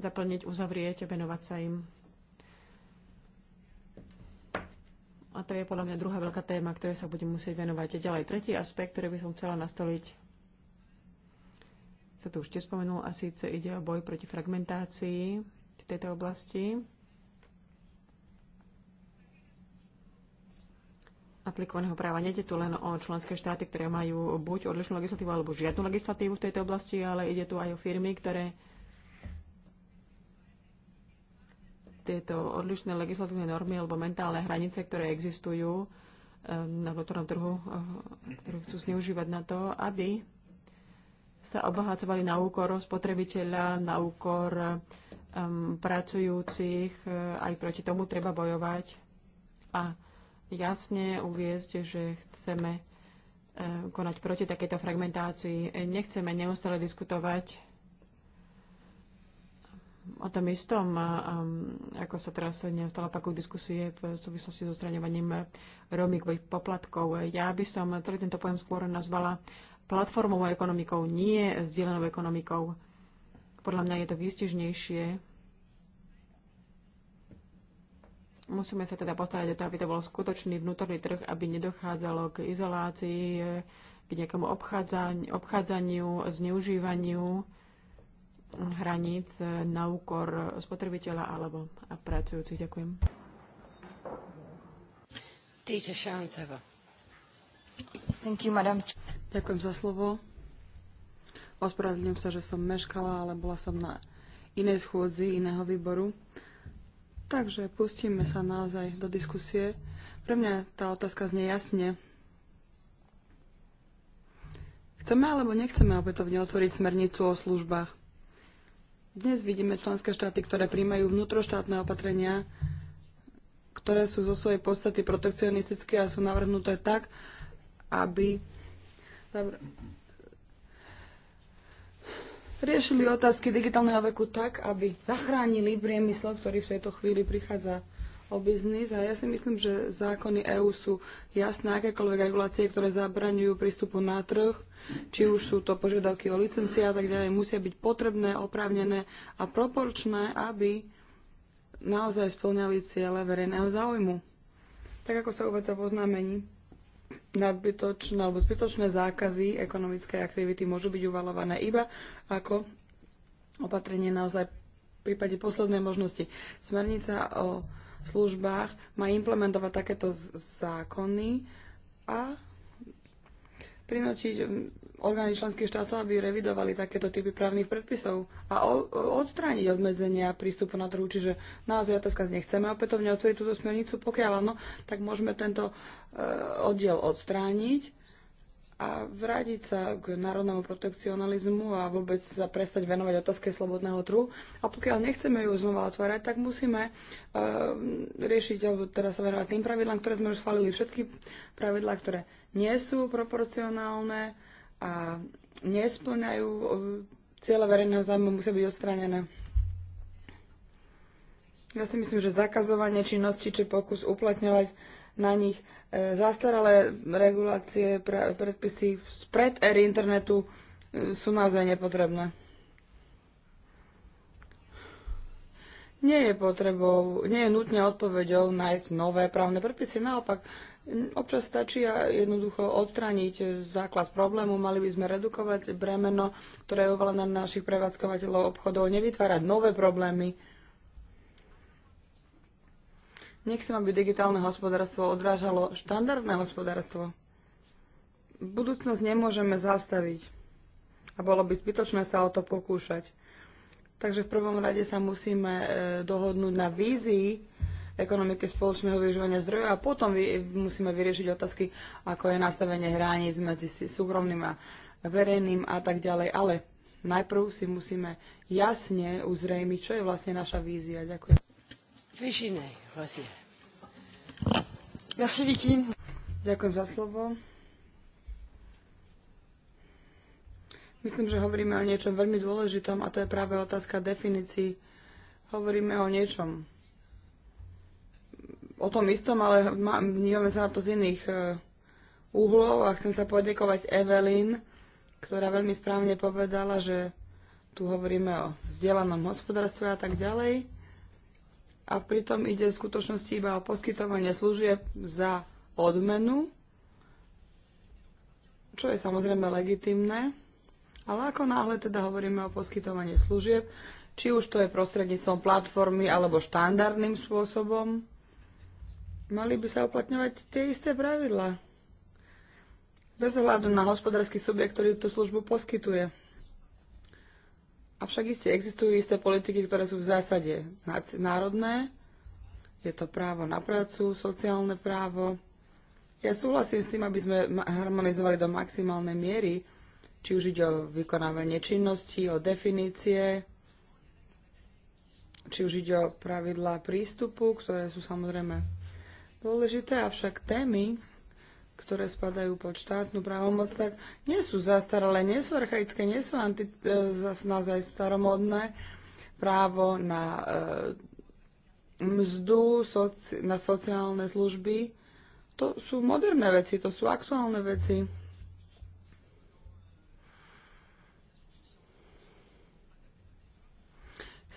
zaplniť, uzavrieť a venovať sa im. A to je podľa mňa druhá veľká téma, ktoré sa budem musieť venovať. Ďalej, tretí aspekt, ktorý by som chcela nastoliť, sa tu už tiež spomenul, a síce ide o boj proti fragmentácii v tejto oblasti. aplikovaného práva. Nede tu len o členské štáty, ktoré majú buď odlišnú legislatívu alebo žiadnu legislatívu v tejto oblasti, ale ide tu aj o firmy, ktoré tieto odlišné legislatívne normy alebo mentálne hranice, ktoré existujú eh, na vnútornom trhu, eh, ktorú chcú zneužívať na to, aby sa obohacovali na úkor spotrebiteľa, na úkor um, pracujúcich. Eh, aj proti tomu treba bojovať a jasne uviezť, že chceme konať proti takéto fragmentácii. Nechceme neustále diskutovať o tom istom, ako sa teraz neustále opakujú diskusie v súvislosti so zraňovaním roaming poplatkov. Ja by som celý tento pojem skôr nazvala platformovou ekonomikou, nie zdieľanou ekonomikou. Podľa mňa je to výstižnejšie. Musíme sa teda postarať o to, aby to bol skutočný vnútorný trh, aby nedochádzalo k izolácii, k nejakému obchádzaniu, zneužívaniu hraníc eh, na úkor spotrebiteľa alebo pracujúcich. Ďakujem. You, Ďakujem za slovo. Ospravedlňujem sa, že som meškala, ale bola som na inej schôdzi iného výboru. Takže pustíme sa naozaj do diskusie. Pre mňa tá otázka znie jasne. Chceme alebo nechceme opätovne otvoriť smernicu o službách? Dnes vidíme členské štáty, ktoré príjmajú vnútroštátne opatrenia, ktoré sú zo svojej podstaty protekcionistické a sú navrhnuté tak, aby riešili otázky digitálneho veku tak, aby zachránili priemysel, ktorý v tejto chvíli prichádza o biznis a ja si myslím, že zákony EÚ sú jasné, akékoľvek regulácie, ktoré zabraňujú prístupu na trh, či už sú to požiadavky o licencia a tak ďalej, musia byť potrebné, oprávnené a proporčné, aby naozaj splňali ciele verejného záujmu. Tak ako sa uvádza v oznámení, nadbytočné alebo zbytočné zákazy ekonomickej aktivity môžu byť uvalované iba ako opatrenie naozaj v prípade poslednej možnosti. Smernica o službách má implementovať takéto zákony a prinútiť um, orgány členských štátov, aby revidovali takéto typy právnych predpisov a odstrániť obmedzenia prístupu na trhu. Čiže naozaj otázka z nechceme opätovne otvoriť túto smernicu. Pokiaľ áno, tak môžeme tento e, oddiel odstrániť a vrátiť sa k národnému protekcionalizmu a vôbec sa prestať venovať otázke slobodného trhu. A pokiaľ nechceme ju znova otvárať, tak musíme uh, riešiť, alebo teraz sa venovať tým pravidlám, ktoré sme už schválili, všetky pravidlá, ktoré nie sú proporcionálne a nesplňajú ehm, cieľe verejného zájmu, musia byť odstranené. Ja si myslím, že zakazovanie činnosti či pokus uplatňovať na nich e, zastaralé regulácie, predpisy pred éry internetu e, sú naozaj nepotrebné. Nie je potrebou, nie je nutne odpoveďou nájsť nové právne predpisy. Naopak, občas stačí jednoducho odstrániť základ problému. Mali by sme redukovať bremeno, ktoré je uvalené na našich prevádzkovateľov obchodov, nevytvárať nové problémy, Nechcem, aby digitálne hospodárstvo odrážalo štandardné hospodárstvo. Budúcnosť nemôžeme zastaviť a bolo by zbytočné sa o to pokúšať. Takže v prvom rade sa musíme e, dohodnúť na vízii ekonomiky spoločného využívania zdrojov a potom musíme vyriešiť otázky, ako je nastavenie hraníc medzi súkromným a verejným a tak ďalej. Ale najprv si musíme jasne uzrejmiť, čo je vlastne naša vízia. Ďakujem. Vyšinej. Merci, Vicky. Ďakujem za slovo. Myslím, že hovoríme o niečom veľmi dôležitom a to je práve otázka definícií. Hovoríme o niečom. O tom istom, ale vnímame sa na to z iných uhlov e, a chcem sa poďakovať Evelyn, ktorá veľmi správne povedala, že tu hovoríme o vzdelanom hospodárstve a tak ďalej a pritom ide v skutočnosti iba o poskytovanie služieb za odmenu, čo je samozrejme legitimné, ale ako náhle teda hovoríme o poskytovaní služieb, či už to je prostredníctvom platformy alebo štandardným spôsobom, mali by sa uplatňovať tie isté pravidlá. Bez ohľadu na hospodársky subjekt, ktorý tú službu poskytuje. Avšak isté existujú isté politiky, ktoré sú v zásade národné. Je to právo na prácu, sociálne právo. Ja súhlasím s tým, aby sme harmonizovali do maximálnej miery, či už ide o vykonávanie činnosti, o definície, či už ide o pravidlá prístupu, ktoré sú samozrejme dôležité, avšak témy, ktoré spadajú pod štátnu právomoc, tak nie sú zastaralé, nie sú archaické, nie sú anti, e, naozaj staromodné. Právo na e, mzdu, soci, na sociálne služby, to sú moderné veci, to sú aktuálne veci.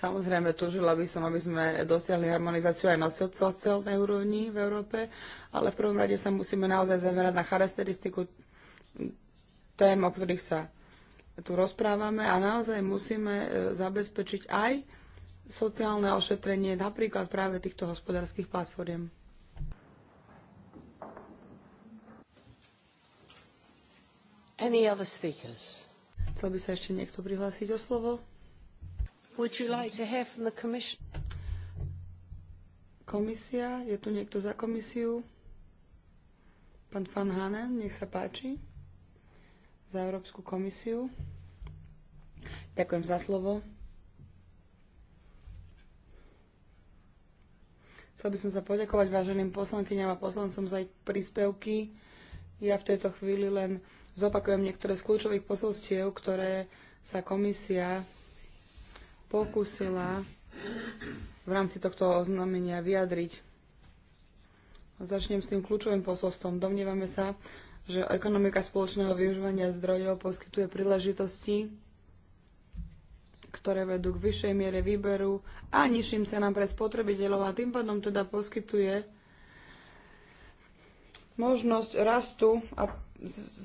Samozrejme, tužila by som, aby sme dosiahli harmonizáciu aj na celnej úrovni v Európe, ale v prvom rade sa musíme naozaj zamerať na charakteristiku tém, o ktorých sa tu rozprávame a naozaj musíme e, zabezpečiť aj sociálne ošetrenie napríklad práve týchto hospodárskych platform. Any other speakers? Chcel by sa ešte niekto prihlásiť o slovo? Would you like to hear from the commission? Komisia, je tu niekto za komisiu? Pán Van Hanen, nech sa páči. Za Európsku komisiu. Ďakujem za slovo. Chcel by som sa poďakovať váženým poslankyňam a poslancom za ich príspevky. Ja v tejto chvíli len zopakujem niektoré z kľúčových posolstiev, ktoré sa komisia pokúsila v rámci tohto oznámenia vyjadriť. Začnem s tým kľúčovým posolstvom. Domnievame sa, že ekonomika spoločného využívania zdrojov poskytuje príležitosti, ktoré vedú k vyššej miere výberu a nižším cenám pre spotrebiteľov a tým pádom teda poskytuje možnosť rastu a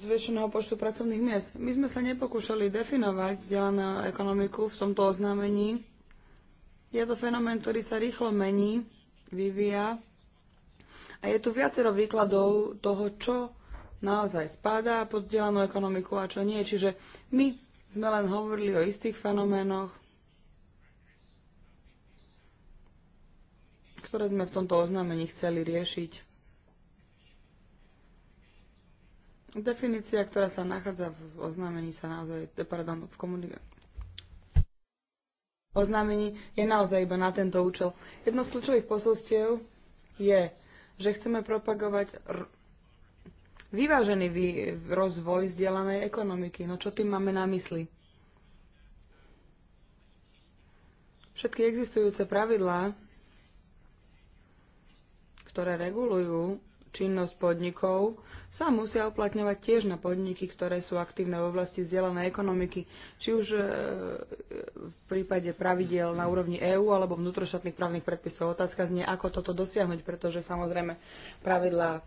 zväčšeného počtu pracovných miest. My sme sa nepokúšali definovať vzdelanú ekonomiku v tomto oznámení. Je to fenomén, ktorý sa rýchlo mení, vyvíja a je tu viacero výkladov toho, čo naozaj spadá pod vzdelanú ekonomiku a čo nie. Čiže my sme len hovorili o istých fenoménoch, ktoré sme v tomto oznámení chceli riešiť. Definícia, ktorá sa nachádza v oznámení, sa naozaj, eh, pardon, v komunikácii oznámení je naozaj iba na tento účel. Jedno z kľúčových posolstiev je, že chceme propagovať vyvážený vý- rozvoj vzdelanej ekonomiky. No čo tým máme na mysli? Všetky existujúce pravidlá, ktoré regulujú činnosť podnikov sa musia uplatňovať tiež na podniky, ktoré sú aktívne v oblasti vzdelanej ekonomiky, či už e, v prípade pravidiel na úrovni EÚ alebo vnútroštátnych právnych predpisov. Otázka znie, ako toto dosiahnuť, pretože samozrejme pravidlá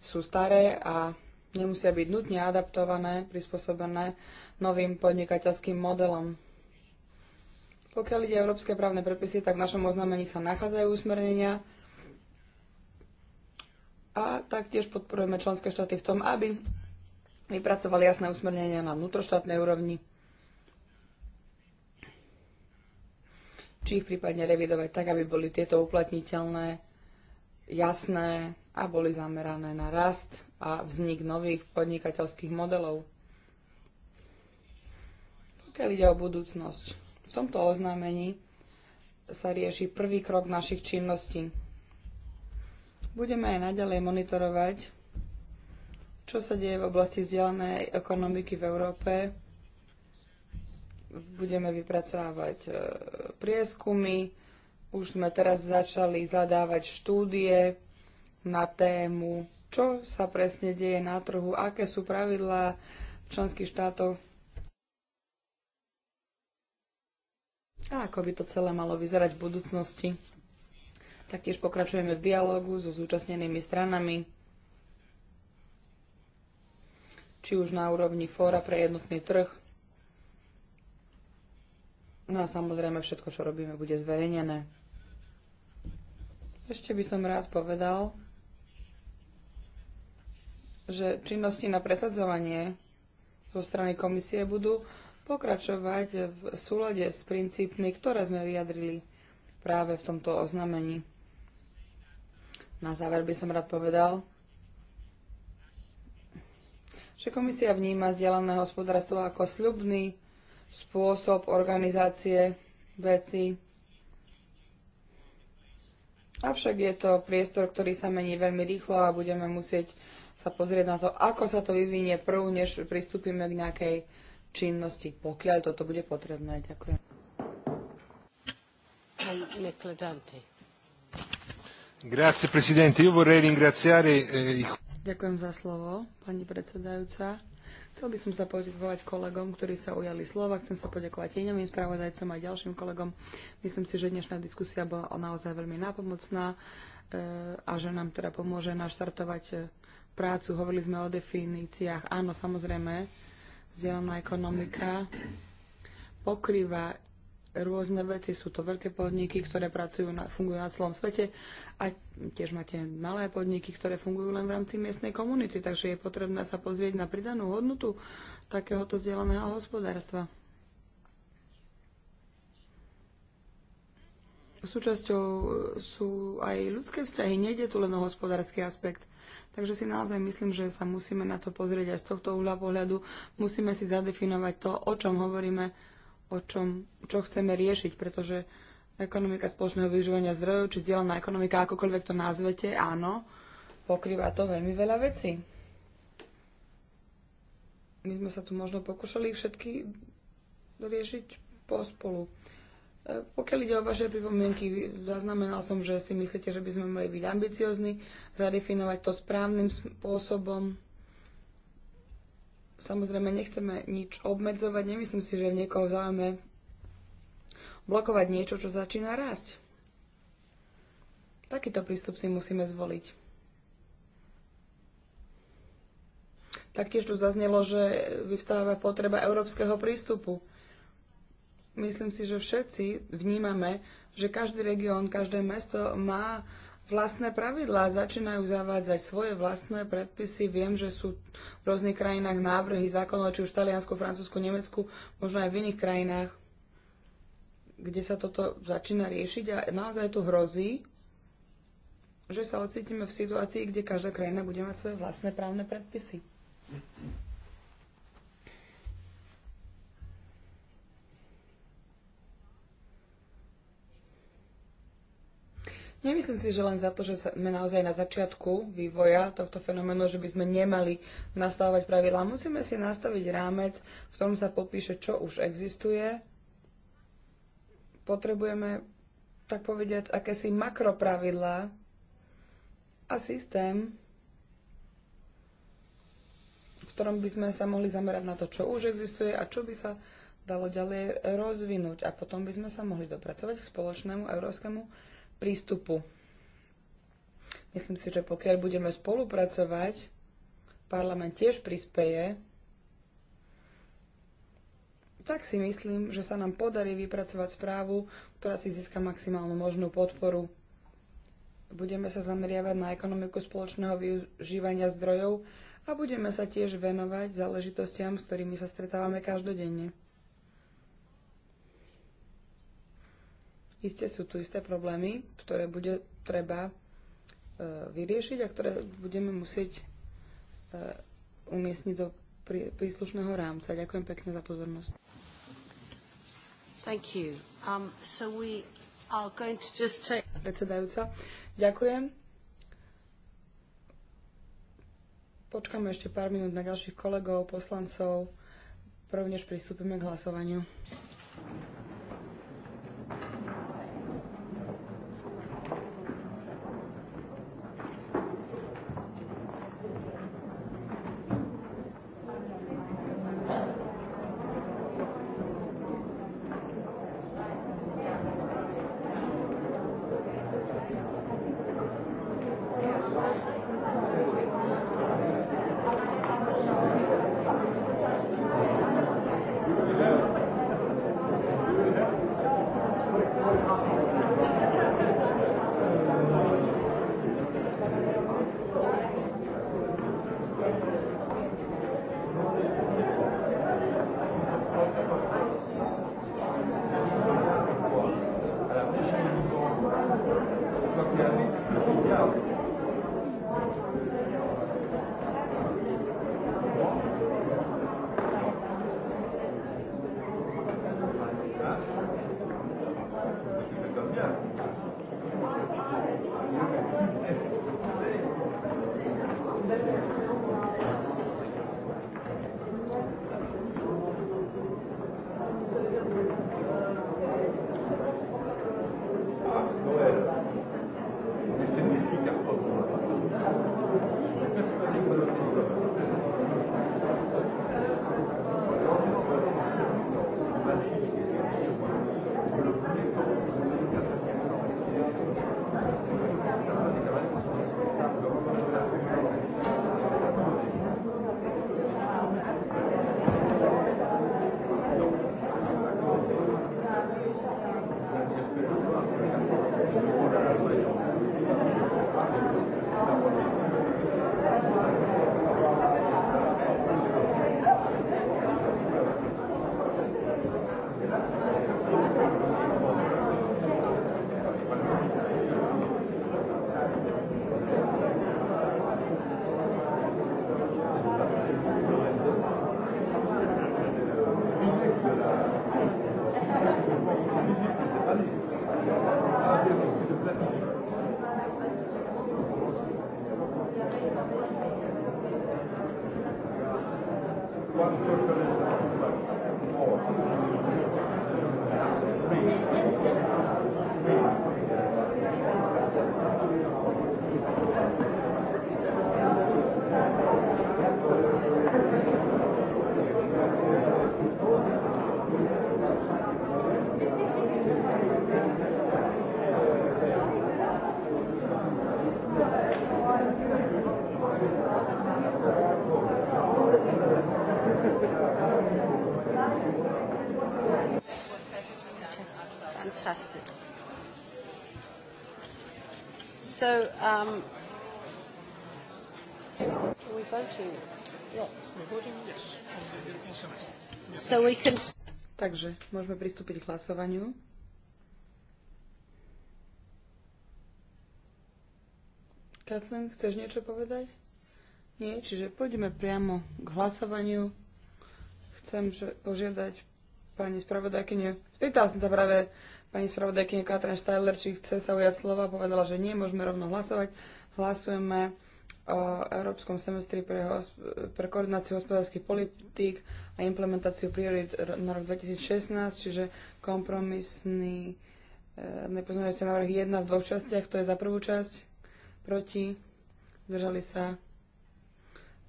sú staré a nemusia byť nutne adaptované, prispôsobené novým podnikateľským modelom. Pokiaľ ide o európske právne predpisy, tak v našom oznámení sa nachádzajú usmernenia, a taktiež podporujeme členské štáty v tom, aby vypracovali jasné usmernenia na vnútroštátnej úrovni, či ich prípadne revidovať tak, aby boli tieto uplatniteľné, jasné a boli zamerané na rast a vznik nových podnikateľských modelov. Pokiaľ ide o budúcnosť, v tomto oznámení sa rieši prvý krok našich činností Budeme aj naďalej monitorovať, čo sa deje v oblasti vzdelanej ekonomiky v Európe. Budeme vypracovávať e, prieskumy. Už sme teraz začali zadávať štúdie na tému, čo sa presne deje na trhu, aké sú pravidlá v členských štátoch a ako by to celé malo vyzerať v budúcnosti. Taktiež pokračujeme v dialogu so zúčastnenými stranami, či už na úrovni fóra pre jednotný trh. No a samozrejme všetko, čo robíme, bude zverejnené. Ešte by som rád povedal, že činnosti na presadzovanie zo strany komisie budú pokračovať v súlade s princípmi, ktoré sme vyjadrili práve v tomto oznamení. Na záver by som rád povedal, že komisia vníma vzdialené hospodárstvo ako sľubný spôsob organizácie veci. Avšak je to priestor, ktorý sa mení veľmi rýchlo a budeme musieť sa pozrieť na to, ako sa to vyvinie prv, než pristúpime k nejakej činnosti, pokiaľ toto bude potrebné. Ďakujem. Eh, Ďakujem za slovo, pani predsedajúca. Chcel by som sa poďakovať kolegom, ktorí sa ujali slova. Chcem sa poďakovať tieňovým spravodajcom a ďalším kolegom. Myslím si, že dnešná diskusia bola naozaj veľmi nápomocná eh, a že nám teda pomôže naštartovať eh, prácu. Hovorili sme o definíciách. Áno, samozrejme, zelená ekonomika pokrýva rôzne veci. Sú to veľké podniky, ktoré pracujú na, fungujú na celom svete a tiež máte malé podniky, ktoré fungujú len v rámci miestnej komunity, takže je potrebné sa pozrieť na pridanú hodnotu takéhoto vzdelaného hospodárstva. Súčasťou e, sú aj ľudské vzťahy, nejde tu len o hospodársky aspekt. Takže si naozaj myslím, že sa musíme na to pozrieť aj z tohto uhla pohľadu. Musíme si zadefinovať to, o čom hovoríme, o čom, čo chceme riešiť, pretože ekonomika spoločného využívania zdrojov, či zdieľaná ekonomika, akokoľvek to nazvete, áno, pokrýva to veľmi veľa vecí. My sme sa tu možno pokúšali všetky riešiť pospolu. E, pokiaľ ide o vaše pripomienky, zaznamenal som, že si myslíte, že by sme mali byť ambiciozni, zadefinovať to správnym spôsobom, Samozrejme, nechceme nič obmedzovať, nemyslím si, že v niekoho záujme blokovať niečo, čo začína rásť. Takýto prístup si musíme zvoliť. Taktiež tu zaznelo, že vyvstáva potreba európskeho prístupu. Myslím si, že všetci vnímame, že každý región, každé mesto má vlastné pravidlá, začínajú zavádzať svoje vlastné predpisy. Viem, že sú v rôznych krajinách návrhy zákonov, či už v Taliansku, Francúzsku, Nemecku, možno aj v iných krajinách, kde sa toto začína riešiť a naozaj tu hrozí, že sa ocitíme v situácii, kde každá krajina bude mať svoje vlastné právne predpisy. Nemyslím si, že len za to, že sme naozaj na začiatku vývoja tohto fenoménu, že by sme nemali nastavovať pravidlá. Musíme si nastaviť rámec, v ktorom sa popíše, čo už existuje. Potrebujeme, tak povediať, akési makropravidlá a systém, v ktorom by sme sa mohli zamerať na to, čo už existuje a čo by sa dalo ďalej rozvinúť. A potom by sme sa mohli dopracovať k spoločnému európskemu prístupu. Myslím si, že pokiaľ budeme spolupracovať, parlament tiež prispeje, tak si myslím, že sa nám podarí vypracovať správu, ktorá si získa maximálnu možnú podporu. Budeme sa zameriavať na ekonomiku spoločného využívania zdrojov a budeme sa tiež venovať záležitostiam, s ktorými sa stretávame každodenne. Isté sú tu isté problémy, ktoré bude treba e, vyriešiť a ktoré budeme musieť e, umiestniť do príslušného rámca. Ďakujem pekne za pozornosť. Thank you. Um, so we are going to just take... Predsedajúca, ďakujem. Počkáme ešte pár minút na ďalších kolegov, poslancov, prvnež pristúpime k hlasovaniu. So, um, are we voting? Yes. So we can... Takže môžeme pristúpiť k hlasovaniu. Kathleen, chceš niečo povedať? Nie, čiže poďme priamo k hlasovaniu. Chcem že požiadať pani spravodajkyne. Spýtal som sa práve Pani spravodajkyňa Katrin Steiler, či chce sa ujať slova, povedala, že nie, môžeme rovno hlasovať. Hlasujeme o Európskom semestri pre, pre koordináciu hospodárskych politík a implementáciu priorit na rok 2016, čiže kompromisný e, sa návrh 1 v dvoch častiach, to je za prvú časť, proti, zdržali sa,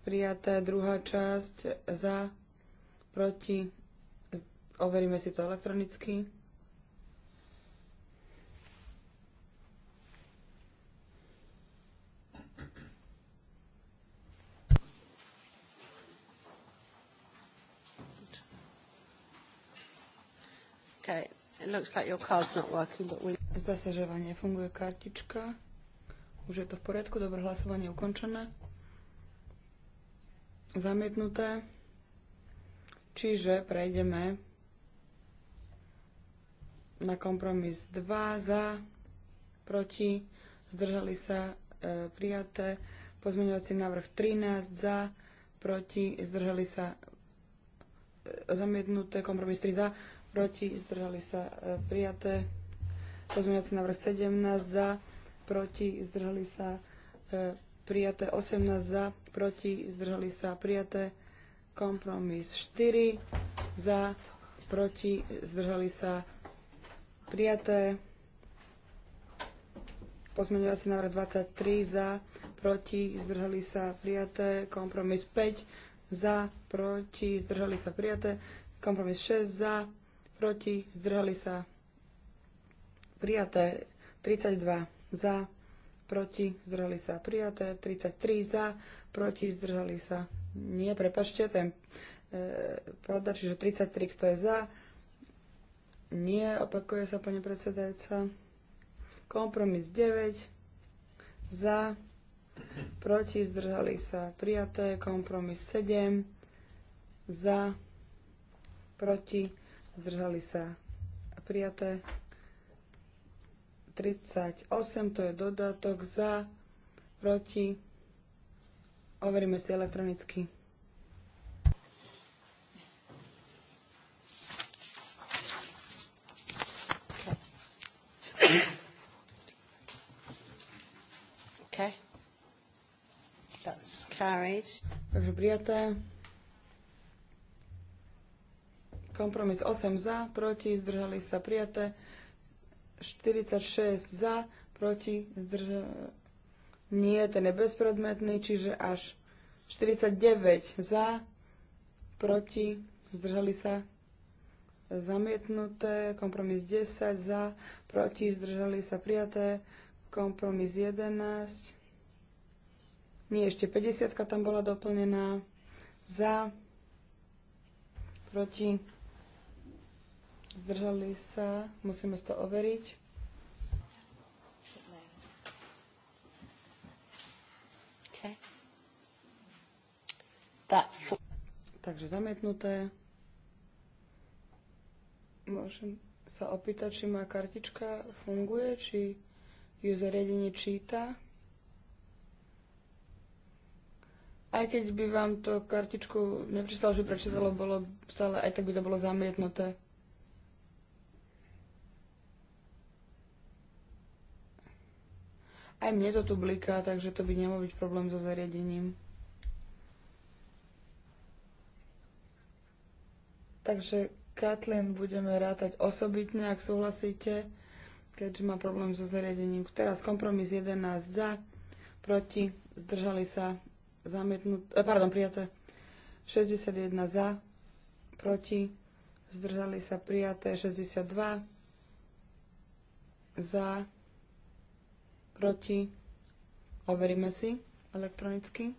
prijaté, druhá časť, za, proti, overíme si to elektronicky. Okay. It looks like your card's not working, but we... Zdá sa, že vám nefunguje kartička. Už je to v poriadku, dobre hlasovanie ukončené. Zamietnuté. Čiže prejdeme na kompromis 2 za, proti, zdržali sa e, prijaté. Pozmeňovací návrh 13 za, proti, zdržali sa e, zamietnuté, kompromis 3 za, proti, zdržali sa e, prijaté. Pozmeňovací návrh 17 za, proti, zdržali sa e, prijaté. 18 za, proti, zdržali sa prijaté. Kompromis 4 za, proti, zdržali sa prijaté. Pozmeňovací návrh 23 za, proti, zdržali sa prijaté. Kompromis 5 za, proti, zdržali sa prijaté. Kompromis 6 za, proti, zdržali sa, prijaté 32 za, proti, zdržali sa, prijaté 33 za, proti, zdržali sa, nie, prepašte, ten e, pravda, čiže 33, kto je za, nie, opakuje sa pani predsedajúca, kompromis 9, za, proti, zdržali sa, prijaté, kompromis 7, za, proti, zdržali sa a prijaté. 38, to je dodatok za, proti. Overíme si elektronicky. Okay. That's carried. Takže prijaté. Kompromis 8 za, proti, zdržali sa prijaté. 46 za, proti, zdržali... Nie, ten je bezpredmetný, čiže až 49 za, proti, zdržali sa zamietnuté, kompromis 10 za, proti, zdržali sa prijaté, kompromis 11, nie, ešte 50 tam bola doplnená, za, proti, Zdržali sa. Musíme to overiť. Takže zamietnuté. Môžem sa opýtať, či moja kartička funguje, či ju zariadenie číta. Aj keď by vám to kartičku nepristalo, že prečítalo, bolo stále, aj tak by to bolo zamietnuté. Aj mne to tu bliká, takže to by nemohol byť problém so zariadením. Takže Katlin budeme rátať osobitne, ak súhlasíte, keďže má problém so zariadením. Teraz kompromis 11 za, proti, zdržali sa, zamietnut, eh, pardon, prijaté 61 za, proti, zdržali sa prijaté 62 za, proti, overíme si elektronicky.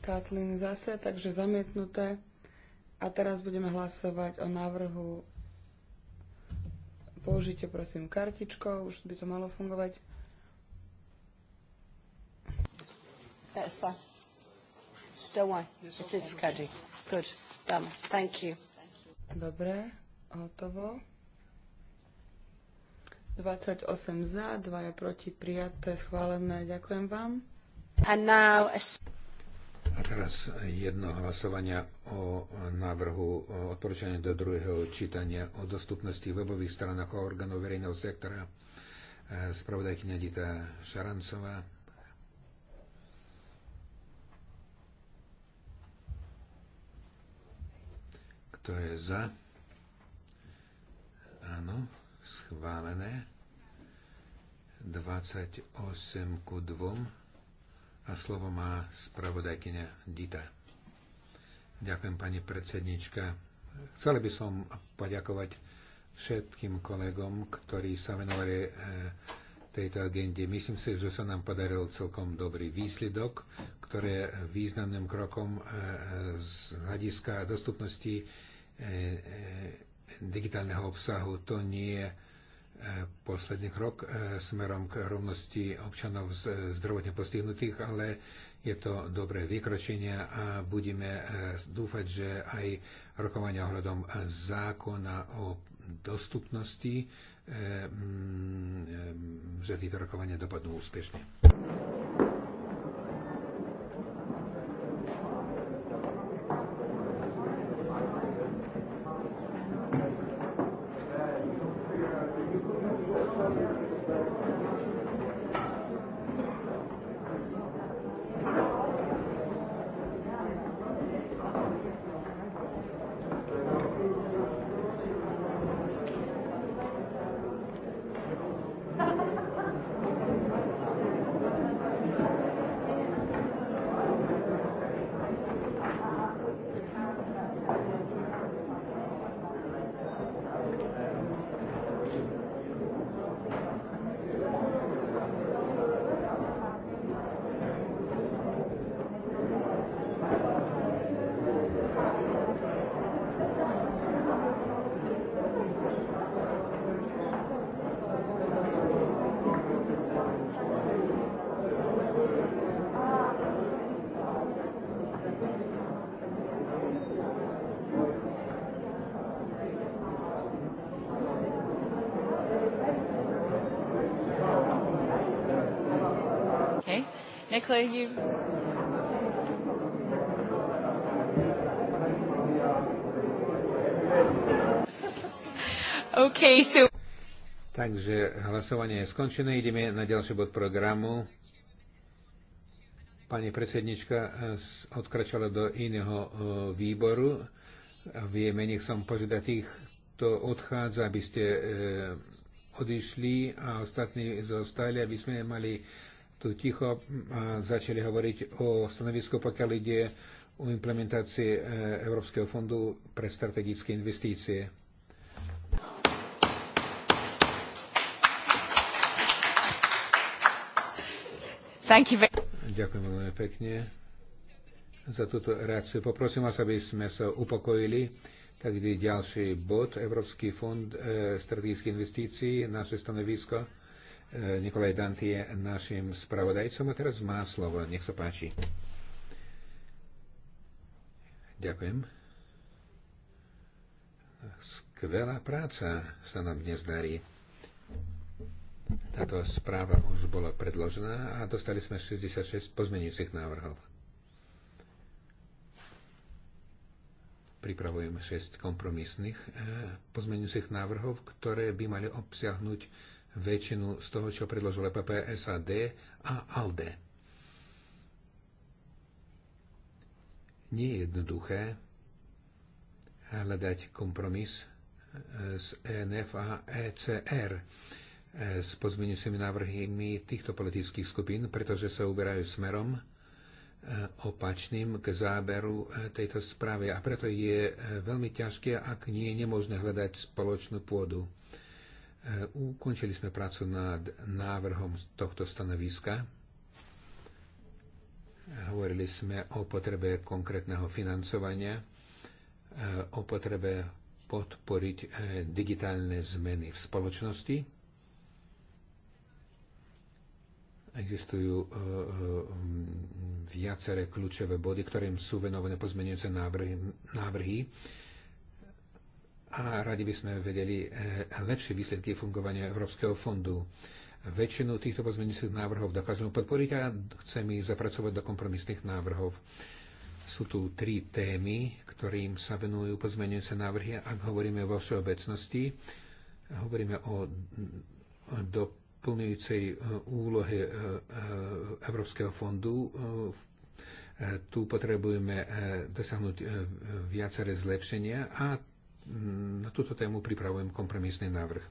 Katlin, zase, takže zamietnuté. A teraz budeme hlasovať o návrhu použite prosím kartičko, už by to malo fungovať. That's fine. Don't worry. It's Good. Done. Thank you. Dobre, hotovo. 28 za, 2 proti prijaté, schválené. Ďakujem vám. And now a... A teraz jedno hlasovania o návrhu odporúčania do druhého čítania o dostupnosti webových stránok orgánov verejného sektora. E, Spravodajkňa Dita Šarancová. Kto je za? Áno, schválené. 28 ku 2. A slovo má spravodajkyňa Dita. Ďakujem, pani predsednička. Chcel by som poďakovať všetkým kolegom, ktorí sa venovali eh, tejto agende. Myslím si, že sa nám podaril celkom dobrý výsledok, ktoré významným krokom eh, z hľadiska dostupnosti E, e, digitálneho obsahu. To nie je e, posledný krok smerom k rovnosti občanov z zdravotne postihnutých, ale je to dobré vykročenie a budeme dúfať, že aj rokovania ohľadom zákona o dostupnosti, že títo rokovania dopadnú úspešne. Nicola, you. Okay, so... Takže hlasovanie je skončené. Ideme na ďalší bod programu. Pani predsednička eh, odkračala do iného eh, výboru. V jej mene som požiadať tých, kto odchádza, aby ste eh, odišli a ostatní zostali, aby sme mali tu ticho a začali hovoriť o stanovisku, pokiaľ ide o implementácii e, Európskeho fondu pre strategické investície. Ďakujem veľmi pekne za túto reakciu. Poprosím vás, aby sme sa upokojili. Tak ďalší bod, Európsky fond e, strategických investícií, naše stanovisko. E, Nikolaj Dant je našim spravodajcom a teraz má slovo. Nech sa páči. Ďakujem. Skvelá práca sa nám dnes darí. Táto správa už bola predložená a dostali sme 66 pozmenujúcich návrhov. Pripravujem 6 kompromisných e, pozmenujúcich návrhov, ktoré by mali obsiahnuť väčšinu z toho, čo predložila PP, SAD a ALDE. Nie je jednoduché hľadať kompromis eh, s ENF a ECR eh, s pozmeňujúcimi návrhymi týchto politických skupín, pretože sa uberajú smerom eh, opačným k záberu tejto správy. A preto je veľmi ťažké, ak nie je nemožné hľadať spoločnú pôdu. E, ukončili sme prácu nad návrhom tohto stanoviska. Hovorili sme o potrebe konkrétneho financovania, e, o potrebe podporiť e, digitálne zmeny v spoločnosti. Existujú viaceré kľúčové body, ktorým sú venované pozmenujúce návrhy. návrhy a radi by sme vedeli eh, lepšie výsledky fungovania Európskeho fondu. Väčšinu týchto pozmeňujúcich návrhov dokážeme podporiť a chcem ich zapracovať do kompromisných návrhov. Sú tu tri témy, ktorým sa venujú pozmeňujúce návrhy. Ak hovoríme vo všeobecnosti, hovoríme o doplňujúcej eh, úlohe eh, Európskeho fondu tu potrebujeme dosiahnuť viaceré zlepšenia a na túto tému pripravujem kompromisný návrh.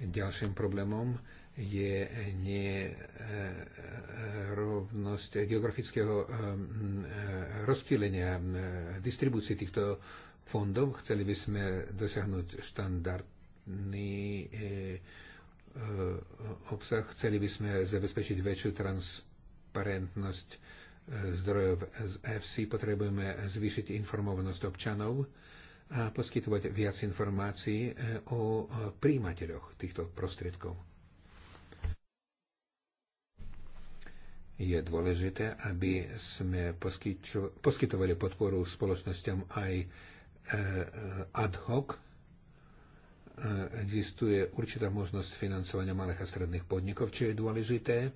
Ďalším problémom je nerovnosť geografického eh, eh, rozptýlenia eh, distribúcie týchto fondov. Chceli by sme dosiahnuť štandardný obsah, chceli by sme zabezpečiť väčšiu transparentnosť zdrojov z FC, potrebujeme zvýšiť informovanosť občanov a poskytovať viac informácií eh, o eh, príjimateľoch týchto prostriedkov. Je dôležité, aby sme poskytovali podporu spoločnosťam aj eh, ad hoc. Existuje určitá možnosť financovania malých a stredných podnikov, čo je dôležité.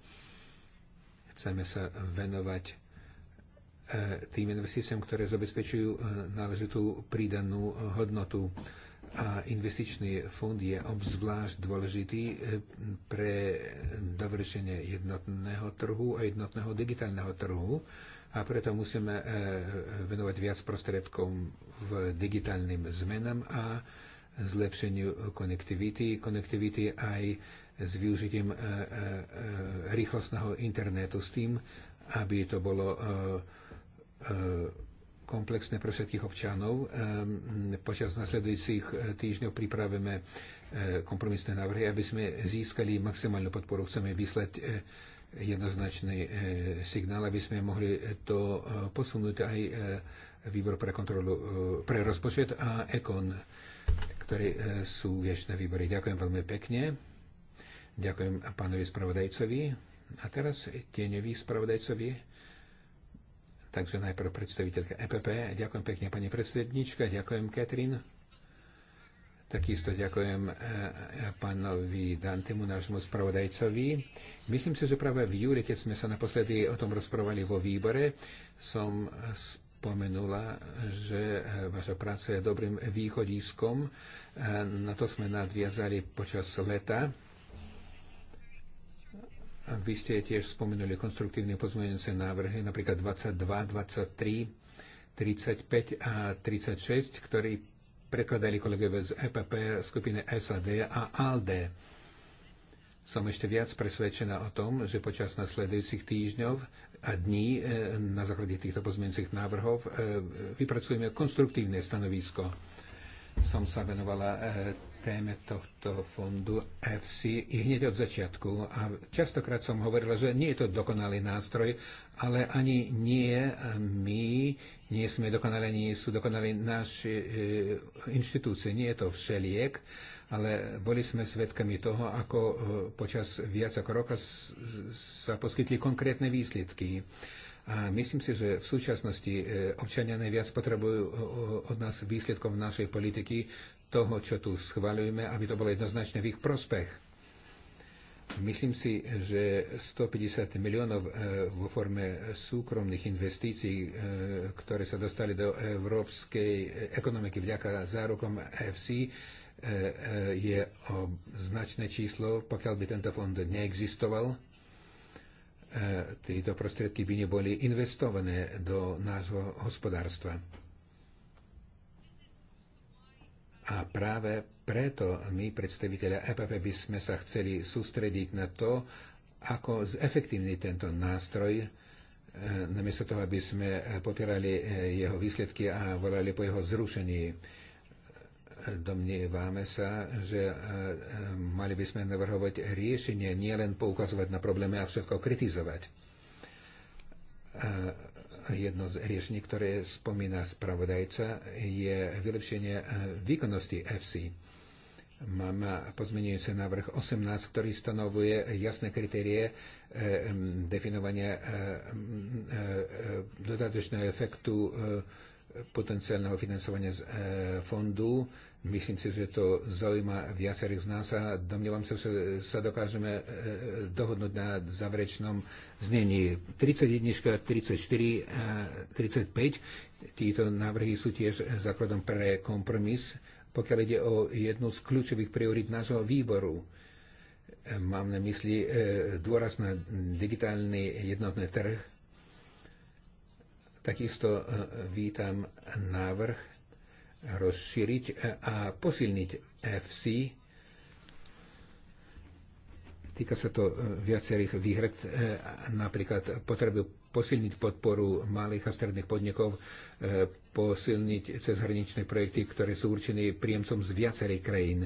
Chceme sa venovať E, tým investíciám, ktoré zabezpečujú e, náležitú prídanú hodnotu. A investičný fond je obzvlášť dôležitý e, pre dovršenie jednotného trhu a jednotného digitálneho trhu a preto musíme venovať viac prostriedkom v digitálnym zmenám a zlepšeniu konektivity, konektivity aj s využitím rýchlostného internetu s tým, aby to bolo E, komplexné pre všetkých občanov. E, počas nasledujúcich e, týždňov pripravíme kompromisné návrhy, aby sme získali maximálnu podporu. Chceme vyslať jednoznačný signál, aby sme mohli to posunúť aj výbor pre kontrolu, pre rozpočet a ekon, ktoré sú viečné výbory. Ďakujem veľmi pekne. Ďakujem pánovi spravodajcovi. A teraz tieňovi spravodajcovi Takže najprv predstaviteľka EPP. Ďakujem pekne, pani predsednička. Ďakujem, Katrin. Takisto ďakujem e, e, pánovi Dantemu, nášmu spravodajcovi. Myslím si, že práve v júli, keď sme sa naposledy o tom rozprávali vo výbore, som spomenula, že e, vaša práca je dobrým východiskom. Na to sme nadviazali počas leta vy ste tiež spomenuli konstruktívne pozmeňujúce návrhy, napríklad 22, 23, 35 a 36, ktorí prekladali kolegové z EPP, skupiny SAD a ALDE. Som ešte viac presvedčená o tom, že počas nasledujúcich týždňov a dní e, na základe týchto pozmeňujúcich návrhov e, vypracujeme konstruktívne stanovisko. Som sa venovala e, téme tohto fondu FC i hneď od začiatku. A častokrát som hovorila, že nie je to dokonalý nástroj, ale ani nie my nie sme dokonali, nie sú dokonali naše e, inštitúcie. Nie je to všeliek, ale boli sme svedkami toho, ako e, počas viac ako roka s, sa poskytli konkrétne výsledky. A myslím si, že v súčasnosti e, občania najviac potrebujú e, od nás výsledkov našej politiky toho, čo tu schvaľujeme, aby to bolo jednoznačne v ich prospech. Myslím si, že 150 miliónov e, vo forme súkromných investícií, e, ktoré sa dostali do európskej ekonomiky vďaka zárokom FC, e, je značné číslo, pokiaľ by tento fond neexistoval. Tieto prostriedky by neboli investované do nášho hospodárstva. A práve preto my, predstaviteľa EPP, by sme sa chceli sústrediť na to, ako zefektívniť tento nástroj, e, namiesto toho, aby sme popierali e, jeho výsledky a volali po jeho zrušení. Domnievame sa, že e, mali by sme navrhovať riešenie, nielen poukazovať na problémy a všetko kritizovať jedno z riešení, ktoré spomína spravodajca, je vylepšenie eh, výkonnosti FC. Mám pozmenujúce návrh 18, ktorý stanovuje jasné kritérie eh, definovania eh, dodatočného efektu potenciálneho financovania z fondu Myslím si, že to zaujíma viacerých z nás a domnievam sa, že sa dokážeme e, e, dohodnúť na záverečnom znení. 31, 34 a 35. Títo návrhy sú tiež základom pre kompromis, pokiaľ ide o jednu z kľúčových priorít nášho výboru. E, mám na mysli dôraz na digitálny jednotný trh. Takisto vítam návrh rozšíriť a posilniť FC. Týka sa to e, viacerých výhrad, e, napríklad potrebu posilniť podporu malých a stredných podnikov, e, posilniť cezhraničné projekty, ktoré sú určené príjemcom z viacerých krajín.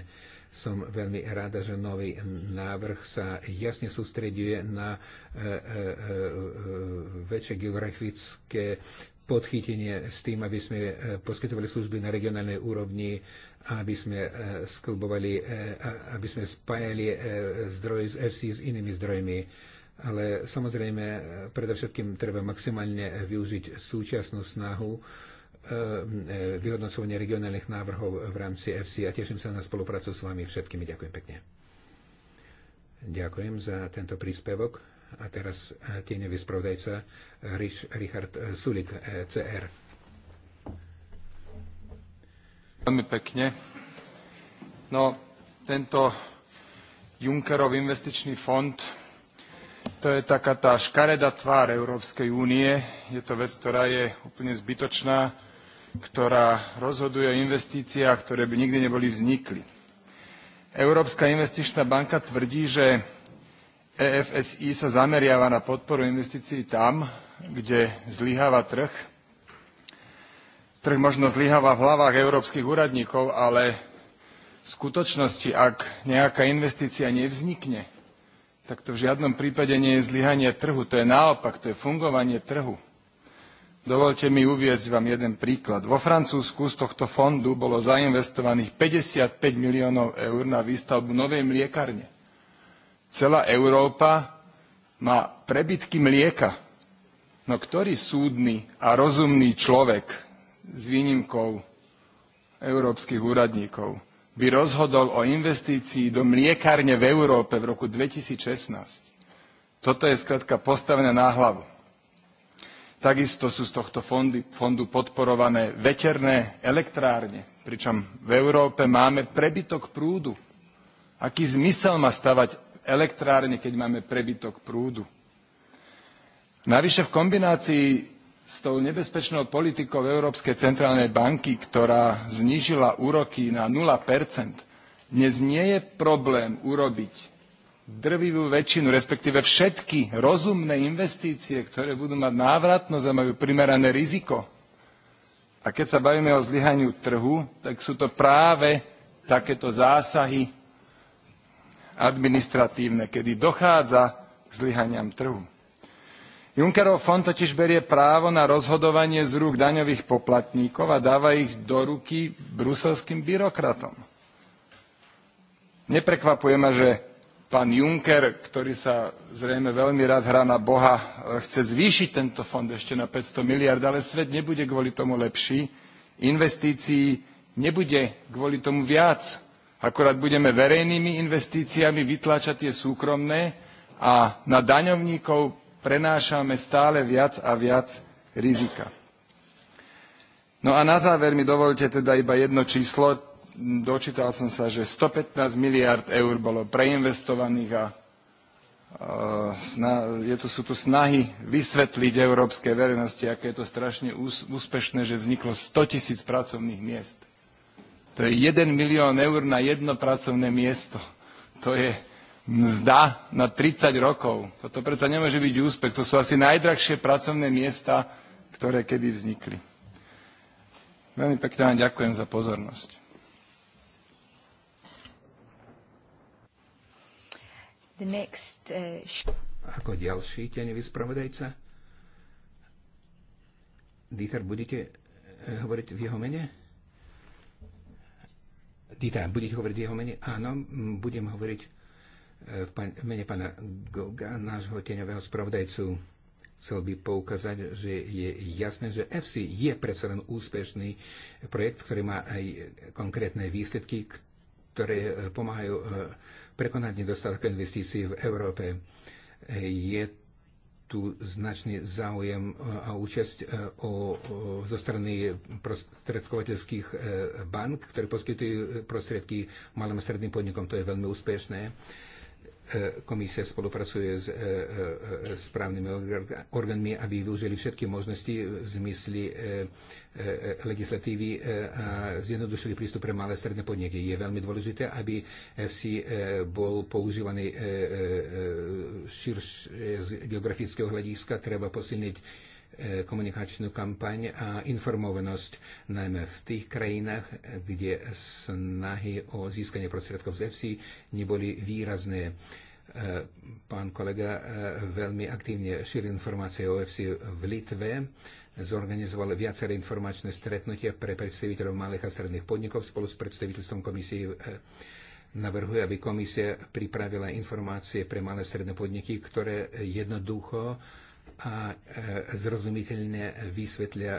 Som veľmi rada, že nový návrh sa jasne sústreduje na väčšie geografické podchytenie s tým, aby sme e, poskytovali služby na regionálnej úrovni, aby sme e, sklbovali, e, aby sme spájali zdroje z FC s inými zdrojmi. Ale samozrejme, predovšetkým treba maximálne využiť súčasnú snahu vyhodnocovania regionálnych návrhov v rámci FC a teším sa na spoluprácu s vami všetkými. Ďakujem pekne. Ďakujem za tento príspevok. A teraz e, tieňový spravodajca e, Richard e, Sulik, CR. Veľmi pekne. No, tento Junckerov investičný fond, to je taká tá škareda tvár Európskej únie. Je to vec, ktorá je úplne zbytočná, ktorá rozhoduje o investíciách, ktoré by nikdy neboli vznikli. Európska investičná banka tvrdí, že EFSI sa zameriava na podporu investícií tam, kde zlyháva trh. Trh možno zlyháva v hlavách európskych úradníkov, ale v skutočnosti, ak nejaká investícia nevznikne, tak to v žiadnom prípade nie je zlyhanie trhu. To je naopak, to je fungovanie trhu. Dovolte mi uviezť vám jeden príklad. Vo Francúzsku z tohto fondu bolo zainvestovaných 55 miliónov eur na výstavbu novej mliekarne celá Európa má prebytky mlieka. No ktorý súdny a rozumný človek s výnimkou európskych úradníkov by rozhodol o investícii do mliekárne v Európe v roku 2016? Toto je skratka postavené na hlavu. Takisto sú z tohto fondy, fondu podporované veterné elektrárne, pričom v Európe máme prebytok prúdu. Aký zmysel má stavať elektrárne, keď máme prebytok prúdu. Navyše v kombinácii s tou nebezpečnou politikou Európskej centrálnej banky, ktorá znížila úroky na 0 dnes nie je problém urobiť drvivú väčšinu, respektíve všetky rozumné investície, ktoré budú mať návratnosť a majú primerané riziko. A keď sa bavíme o zlyhaniu trhu, tak sú to práve takéto zásahy administratívne, kedy dochádza k zlyhaniam trhu. Junckerov fond totiž berie právo na rozhodovanie z rúk daňových poplatníkov a dáva ich do ruky bruselským byrokratom. Neprekvapuje ma, že pán Juncker, ktorý sa zrejme veľmi rád hrá na Boha, chce zvýšiť tento fond ešte na 500 miliard, ale svet nebude kvôli tomu lepší. Investícií nebude kvôli tomu viac Akorát budeme verejnými investíciami vytláčať tie súkromné a na daňovníkov prenášame stále viac a viac rizika. No a na záver mi dovolte teda iba jedno číslo. Dočítal som sa, že 115 miliard eur bolo preinvestovaných a e, je tu, sú tu snahy vysvetliť európskej verejnosti, aké je to strašne úspešné, že vzniklo 100 tisíc pracovných miest. To je 1 milión eur na jedno pracovné miesto. To je mzda na 30 rokov. Toto predsa nemôže byť úspech. To sú asi najdrahšie pracovné miesta, ktoré kedy vznikli. Veľmi pekne vám ďakujem za pozornosť. The next, uh... Ako ďalší tenevý vyspravodajca? Dieter, budete eh, hovoriť v jeho mene? Dita, budete hovoriť jeho mene? Áno, budem hovoriť e, v mene pána Goga, nášho teňového spravodajcu. Chcel by poukázať, že je jasné, že FC je predsa len úspešný projekt, ktorý má aj konkrétne výsledky, ktoré e, pomáhajú e, prekonať nedostatok investícií v Európe. Je tu značný záujem e, a účasť e, o, o, zo strany prostredkovateľských e, bank, ktoré poskytujú prostriedky malým a stredným podnikom. To je veľmi úspešné. E, komisia spolupracuje s e, e, správnymi orgánmi, aby využili všetky možnosti v zmysli legislatívy a zjednodušili prístup pre malé stredné podniky. Je veľmi dôležité, aby FC bol používaný širšie z geografického hľadiska. Treba posilniť komunikačnú kampaň a informovanosť, najmä v tých krajinách, kde snahy o získanie prostriedkov z EFSI neboli výrazné. E, pán kolega e, veľmi aktívne šíri informácie o EFSI v Litve zorganizoval viaceré informačné stretnutia pre predstaviteľov malých a stredných podnikov spolu s predstaviteľstvom komisie e, navrhuje, aby komisia pripravila informácie pre malé a stredné podniky, ktoré jednoducho a zrozumiteľne vysvetlia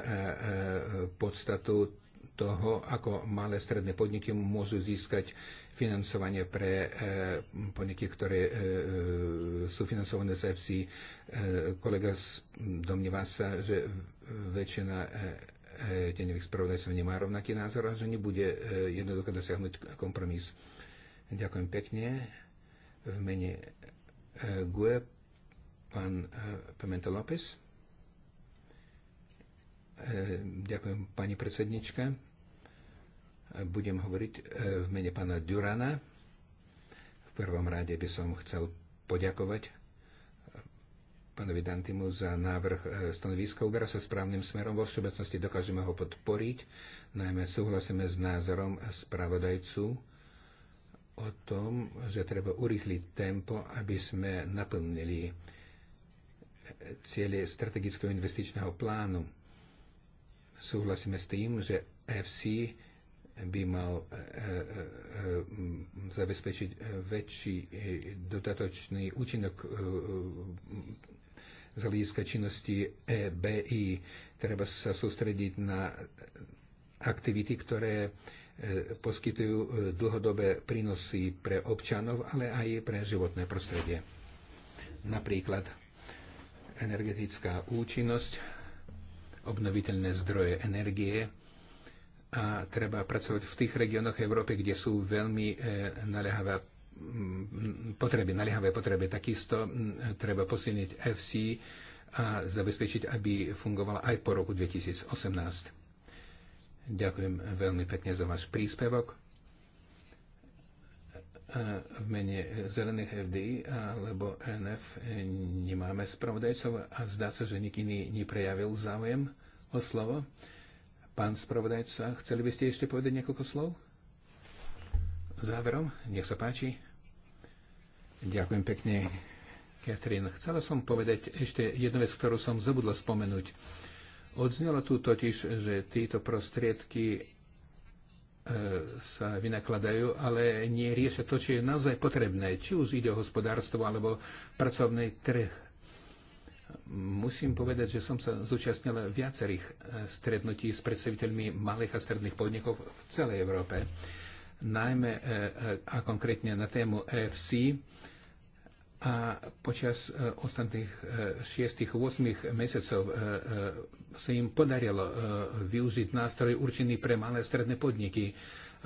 podstatu toho, ako malé a stredné podniky môžu získať financovanie pre e, podniky, ktoré e, e, sú financované z FC. Kolega domnieva sa, že väčšina tenových spravodajcov nemá rovnaký názor a že nebude jednoducho dosiahnuť kompromis. Ďakujem pekne. V mene GUE pán Pimenta López. Ďakujem pani predsednička. Budem hovoriť e, v mene pána Durana. V prvom rade by som chcel poďakovať e, pánovi Dantimu za návrh e, stanoviska. Ubera sa správnym smerom. Vo všeobecnosti dokážeme ho podporiť. Najmä súhlasíme s názorom spravodajcu o tom, že treba urýchliť tempo, aby sme naplnili cieľe strategického investičného plánu. Súhlasíme s tým, že FC by mal e, e, e, zabezpečiť väčší dodatočný účinok z hľadiska činnosti EBI. Treba sa sústrediť na aktivity, ktoré poskytujú dlhodobé prínosy pre občanov, ale aj pre životné prostredie. Napríklad energetická účinnosť, obnoviteľné zdroje energie, a treba pracovať v tých regiónoch Európy, kde sú veľmi e, naliehavé mm, potreby, naliehavé potreby. Takisto mm, treba posilniť FC a zabezpečiť, aby fungovala aj po roku 2018. Ďakujem veľmi pekne za váš príspevok. E, v mene Zelených FD alebo NF nemáme spravodajcov a zdá sa, že nikým iný neprejavil záujem o slovo. Pán spravodajca, chceli by ste ešte povedať niekoľko slov? Záverom, nech sa páči. Ďakujem pekne, Katrin. Chcela som povedať ešte jednu vec, ktorú som zabudla spomenúť. Odznelo tu totiž, že títo prostriedky e, sa vynakladajú, ale nie riešia to, čo je naozaj potrebné, či už ide o hospodárstvo alebo pracovný trh Musím povedať, že som sa zúčastnil viacerých e, stretnutí s predstaviteľmi malých a stredných podnikov v celej Európe, najmä e, e, a konkrétne na tému EFC. A počas ostatných 6-8 mesiacov sa im podarilo využiť nástroj určený pre malé a stredné podniky.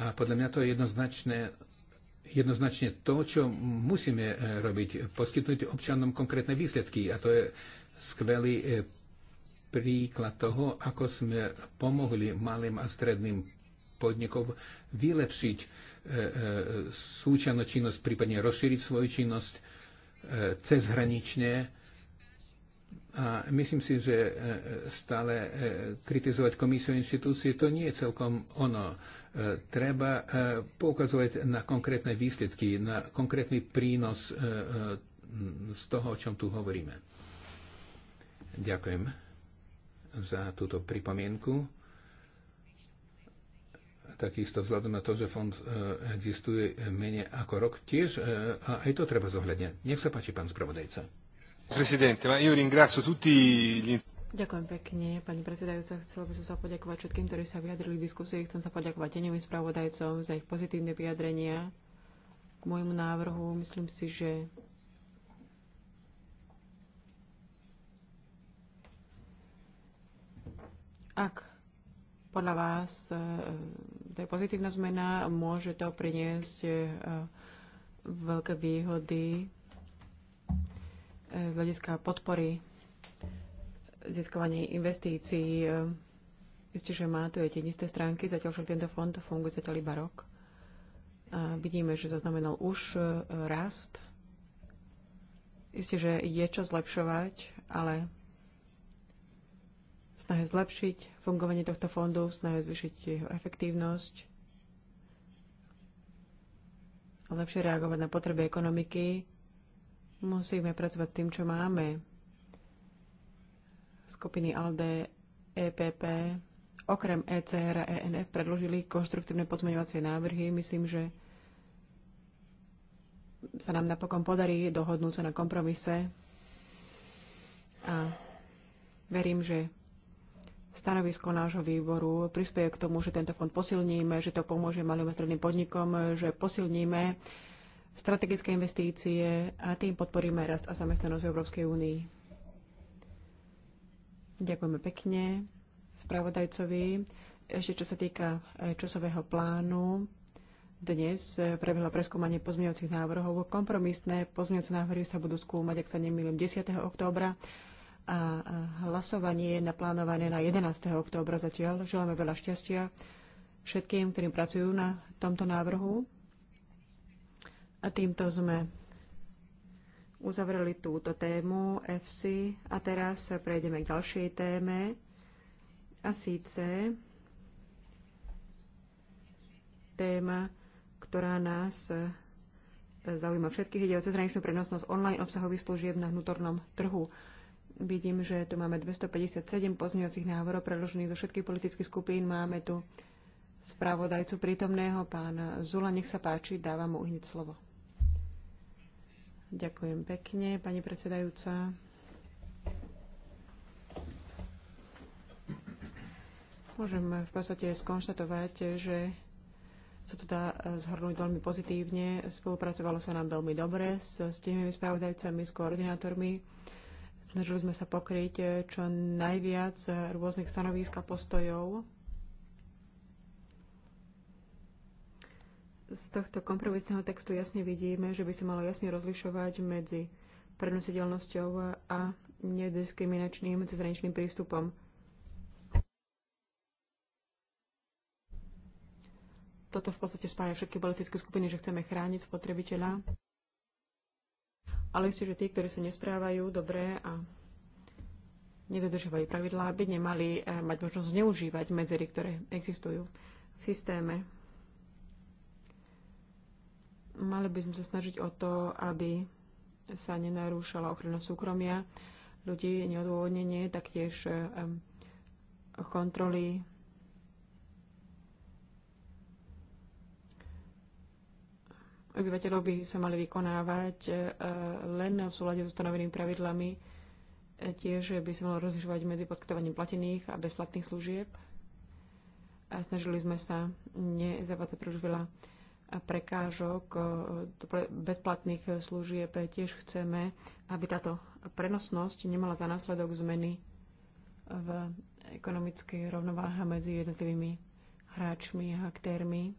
A podľa mňa to je jednoznačné jednoznačne to, čo musíme e, robiť, poskytnúť občanom konkrétne výsledky. A to je skvelý e, príklad toho, ako sme pomohli malým a stredným podnikov vylepšiť e, súčasnú činnosť, prípadne rozšíriť svoju činnosť cezhranične. A myslím si, že stále kritizovať komisiu inštitúcie, to nie je celkom ono. Treba e, poukazovať na konkrétne výsledky, na konkrétny prínos e, e, z toho, o čom tu hovoríme. Ďakujem za túto pripomienku. Takisto vzhľadom na to, že fond existuje menej ako rok, tiež a aj to treba zohľadňať. Nech sa páči, pán spravodajca. Presidente, ma io ringrazio tutti gli... Ďakujem pekne, pani predsedajúca. Chcela by som sa poďakovať všetkým, ktorí sa vyjadrili v diskusii. Chcem sa poďakovať tenovým spravodajcom za ich pozitívne vyjadrenia k môjmu návrhu. Myslím si, že ak podľa vás e, to je pozitívna zmena, môže to priniesť e, veľké výhody e, z hľadiska podpory získavanie investícií. Isté, že má tu aj tie isté stránky, zatiaľ však tento fond funguje zatiaľ iba rok. A vidíme, že zaznamenal už e, rast. Isté, že je čo zlepšovať, ale snahe zlepšiť fungovanie tohto fondu, snahe zvyšiť jeho efektívnosť, lepšie reagovať na potreby ekonomiky, musíme pracovať s tým, čo máme skupiny ALDE, EPP, okrem ECR a ENF predložili konštruktívne pozmeňovacie návrhy. Myslím, že sa nám napokon podarí dohodnúť sa na kompromise a verím, že stanovisko nášho výboru prispieje k tomu, že tento fond posilníme, že to pomôže malým a stredným podnikom, že posilníme strategické investície a tým podporíme rast a zamestnanosť v Európskej únii. Ďakujeme pekne spravodajcovi. Ešte čo sa týka eh, časového plánu, dnes eh, prebehlo preskúmanie pozmeňovacích návrhov. Kompromisné pozmeňovacie návrhy sa budú skúmať, ak sa nemýlim, 10. októbra a hlasovanie je naplánované na 11. októbra zatiaľ. Želáme veľa šťastia všetkým, ktorí pracujú na tomto návrhu. A týmto sme uzavreli túto tému FC a teraz prejdeme k ďalšej téme a síce téma, ktorá nás eh, zaujíma všetkých. Ide o cezhraničnú prenosnosť online obsahových služieb na vnútornom trhu. Vidím, že tu máme 257 pozmeňovacích návrhov predložených zo všetkých politických skupín. Máme tu spravodajcu prítomného, pána Zula. Nech sa páči, dávam mu hneď slovo. Ďakujem pekne, pani predsedajúca. Môžem v podstate skonštatovať, že sa to dá eh, zhrnúť veľmi pozitívne. Spolupracovalo sa nám veľmi dobre s stihmými spravodajcami, s koordinátormi. Snažili sme sa pokryť eh, čo najviac eh, rôznych stanovísk a postojov z tohto kompromisného textu jasne vidíme, že by sa malo jasne rozlišovať medzi prenositeľnosťou a nediskriminačným cezhraničným prístupom. Toto v podstate spája všetky politické skupiny, že chceme chrániť spotrebiteľa, ale isté, že tí, ktorí sa nesprávajú dobre a nedodržovajú pravidlá, by nemali eh, mať možnosť zneužívať medzery, ktoré existujú v systéme. Mali by sme sa snažiť o to, aby sa nenarúšala ochrana súkromia ľudí, neodôvodnenie, taktiež kontroly obyvateľov by sa mali vykonávať e, len v súlade s ustanovenými pravidlami. E, tiež by sa malo rozlišovať medzi poskytovaním platených a bezplatných služieb. A snažili sme sa nezavádzať príliš veľa prekážok e, bezplatných služieb tiež chceme, aby táto prenosnosť nemala za následok zmeny v ekonomickej rovnováhe medzi jednotlivými hráčmi a aktérmi,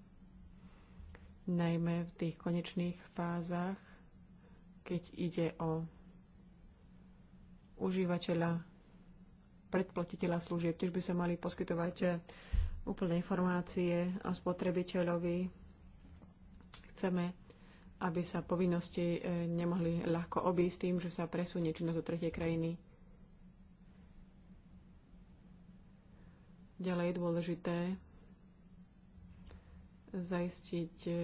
najmä v tých konečných fázach, keď ide o užívateľa, predplatiteľa služieb. Tiež by sa mali poskytovať e, úplné informácie o spotrebiteľovi, Chceme, aby sa povinnosti e, nemohli ľahko obísť tým, že sa presunie činnosť do tretej krajiny. Ďalej je dôležité zaistiť e,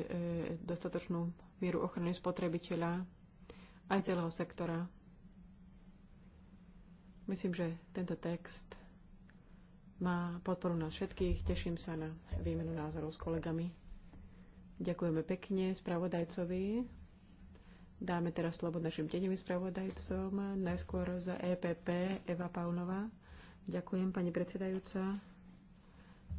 dostatočnú mieru ochrany spotrebiteľa aj celého sektora. Myslím, že tento text má podporu nás všetkých. Teším sa na výmenu názorov s kolegami. Ďakujeme pekne spravodajcovi. Dáme teraz slovo našim tenevým spravodajcom, najskôr za EPP Eva Paunová. Ďakujem, pani predsedajúca.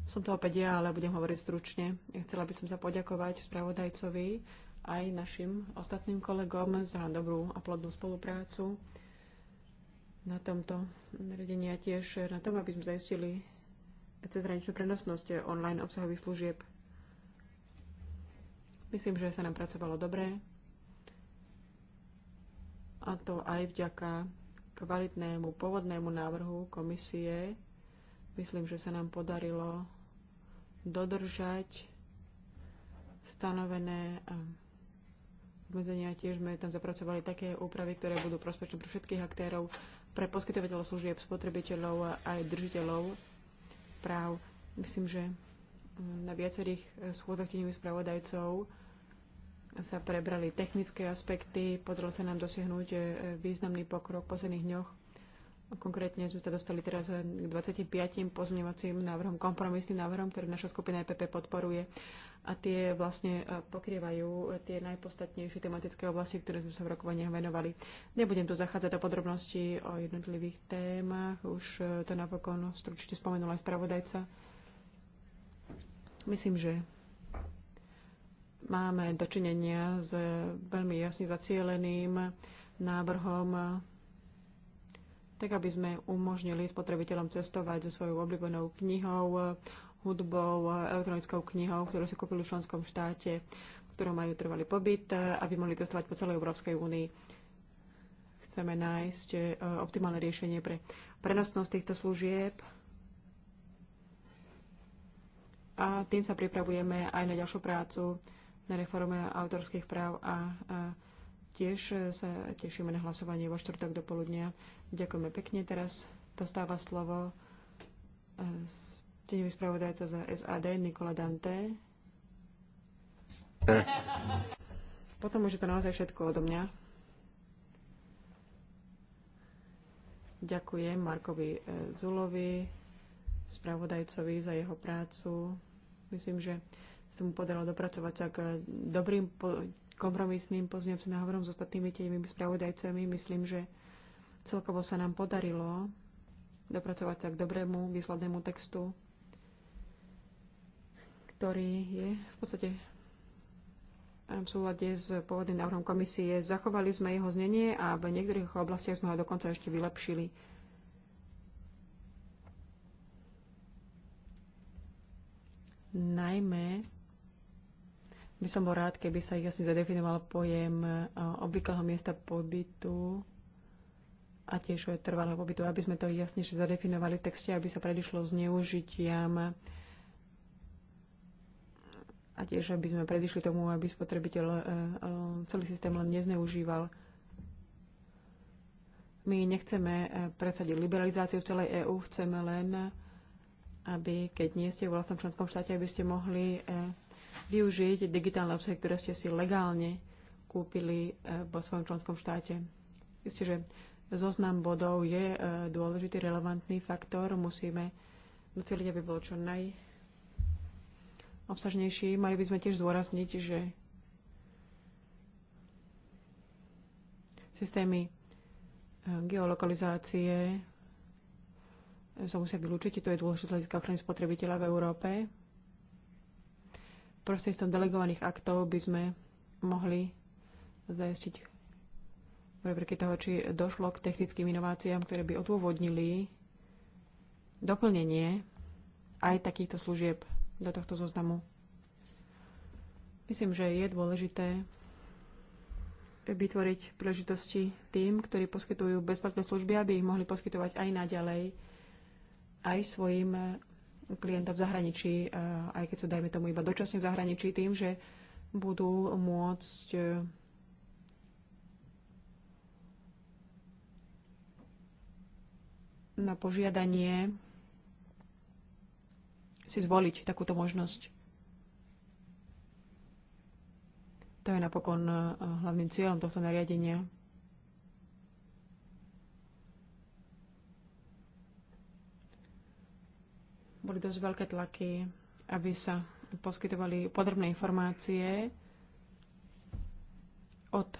Som to opäť ja, ale budem hovoriť stručne. Chcela by som sa poďakovať spravodajcovi aj našim ostatným kolegom za dobrú a plodnú spoluprácu na tomto riadení a tiež na tom, aby sme zaistili cezhraničnú prenosnosť online obsahových služieb Myslím, že sa nám pracovalo dobre. A to aj vďaka kvalitnému pôvodnému návrhu komisie. Myslím, že sa nám podarilo dodržať stanovené obmedzenia. Tiež sme tam zapracovali také úpravy, ktoré budú prospečné pre všetkých aktérov, pre poskytovateľov služieb, spotrebiteľov a aj držiteľov práv. Myslím, že na viacerých eh, schôdzach tieňových spravodajcov sa prebrali technické aspekty, podarilo sa nám dosiahnuť eh, významný pokrok v posledných dňoch. Konkrétne sme sa dostali teraz eh, k 25. pozmeňovacím návrhom, kompromisným návrhom, ktorý naša skupina EPP podporuje. A tie vlastne pokrývajú tie najpodstatnejšie tematické oblasti, ktoré sme sa v rokovaniach venovali. Nebudem tu zachádzať do podrobností o jednotlivých témach, už to napokon stručne spomenul aj spravodajca Myslím, že máme dočinenia s veľmi jasne zacieleným návrhom, tak aby sme umožnili spotrebiteľom cestovať so svojou obľúbenou knihou, hudbou, elektronickou knihou, ktorú si kúpili v členskom štáte, v ktorom majú trvalý pobyt, aby mohli cestovať po celej Európskej únii. Chceme nájsť eh, optimálne riešenie pre prenosnosť týchto služieb a tým sa pripravujeme aj na ďalšiu prácu na reforme autorských práv a, a tiež sa tešíme na hlasovanie vo štvrtok do poludnia. Ďakujeme pekne. Teraz dostáva slovo e, tenivý spravodajca za SAD Nikola Dante. Potom už je to naozaj všetko odo mňa. Ďakujem Markovi e, Zulovi, spravodajcovi za jeho prácu. Myslím, že sa mu podarilo dopracovať sa k dobrým kompromisným pozňovacím návrhom s ostatnými tými spravodajcami. Myslím, že celkovo sa nám podarilo dopracovať sa k dobrému výslednému textu, ktorý je v podstate v súlade s pôvodným návrhom komisie. Zachovali sme jeho znenie a v niektorých oblastiach sme ho dokonca ešte vylepšili. Najmä by som bol rád, keby sa jasne zadefinoval pojem e, obvyklého miesta pobytu a tiež trvalého pobytu, aby sme to jasnejšie zadefinovali v texte, aby sa predišlo zneužitiam a tiež aby sme predišli tomu, aby spotrebiteľ e, e, celý systém len nezneužíval. My nechceme presadiť liberalizáciu v celej EÚ, chceme len aby keď nie ste vo vlastnom členskom štáte, aby ste mohli e, využiť digitálne obsahy, ktoré ste si legálne kúpili e, vo svojom členskom štáte. Isté, že zoznam bodov je e, dôležitý, relevantný faktor. Musíme doceliť, aby bolo čo najobsažnejší. Mali by sme tiež zdôrazniť, že systémy geolokalizácie sa musia vylúčiť. To je dôležité hľadiska ochrany spotrebiteľa v Európe. Prostredstvom delegovaných aktov by sme mohli zajistiť v toho, či došlo k technickým inováciám, ktoré by odôvodnili doplnenie aj takýchto služieb do tohto zoznamu. Myslím, že je dôležité vytvoriť príležitosti tým, ktorí poskytujú bezplatné služby, aby ich mohli poskytovať aj naďalej aj svojim eh, klientom v zahraničí, eh, aj keď sú, dajme tomu, iba dočasne v zahraničí, tým, že budú môcť eh, na požiadanie si zvoliť takúto možnosť. To je napokon hlavným cieľom tohto nariadenia. Boli dosť veľké tlaky, aby sa poskytovali podrobné informácie od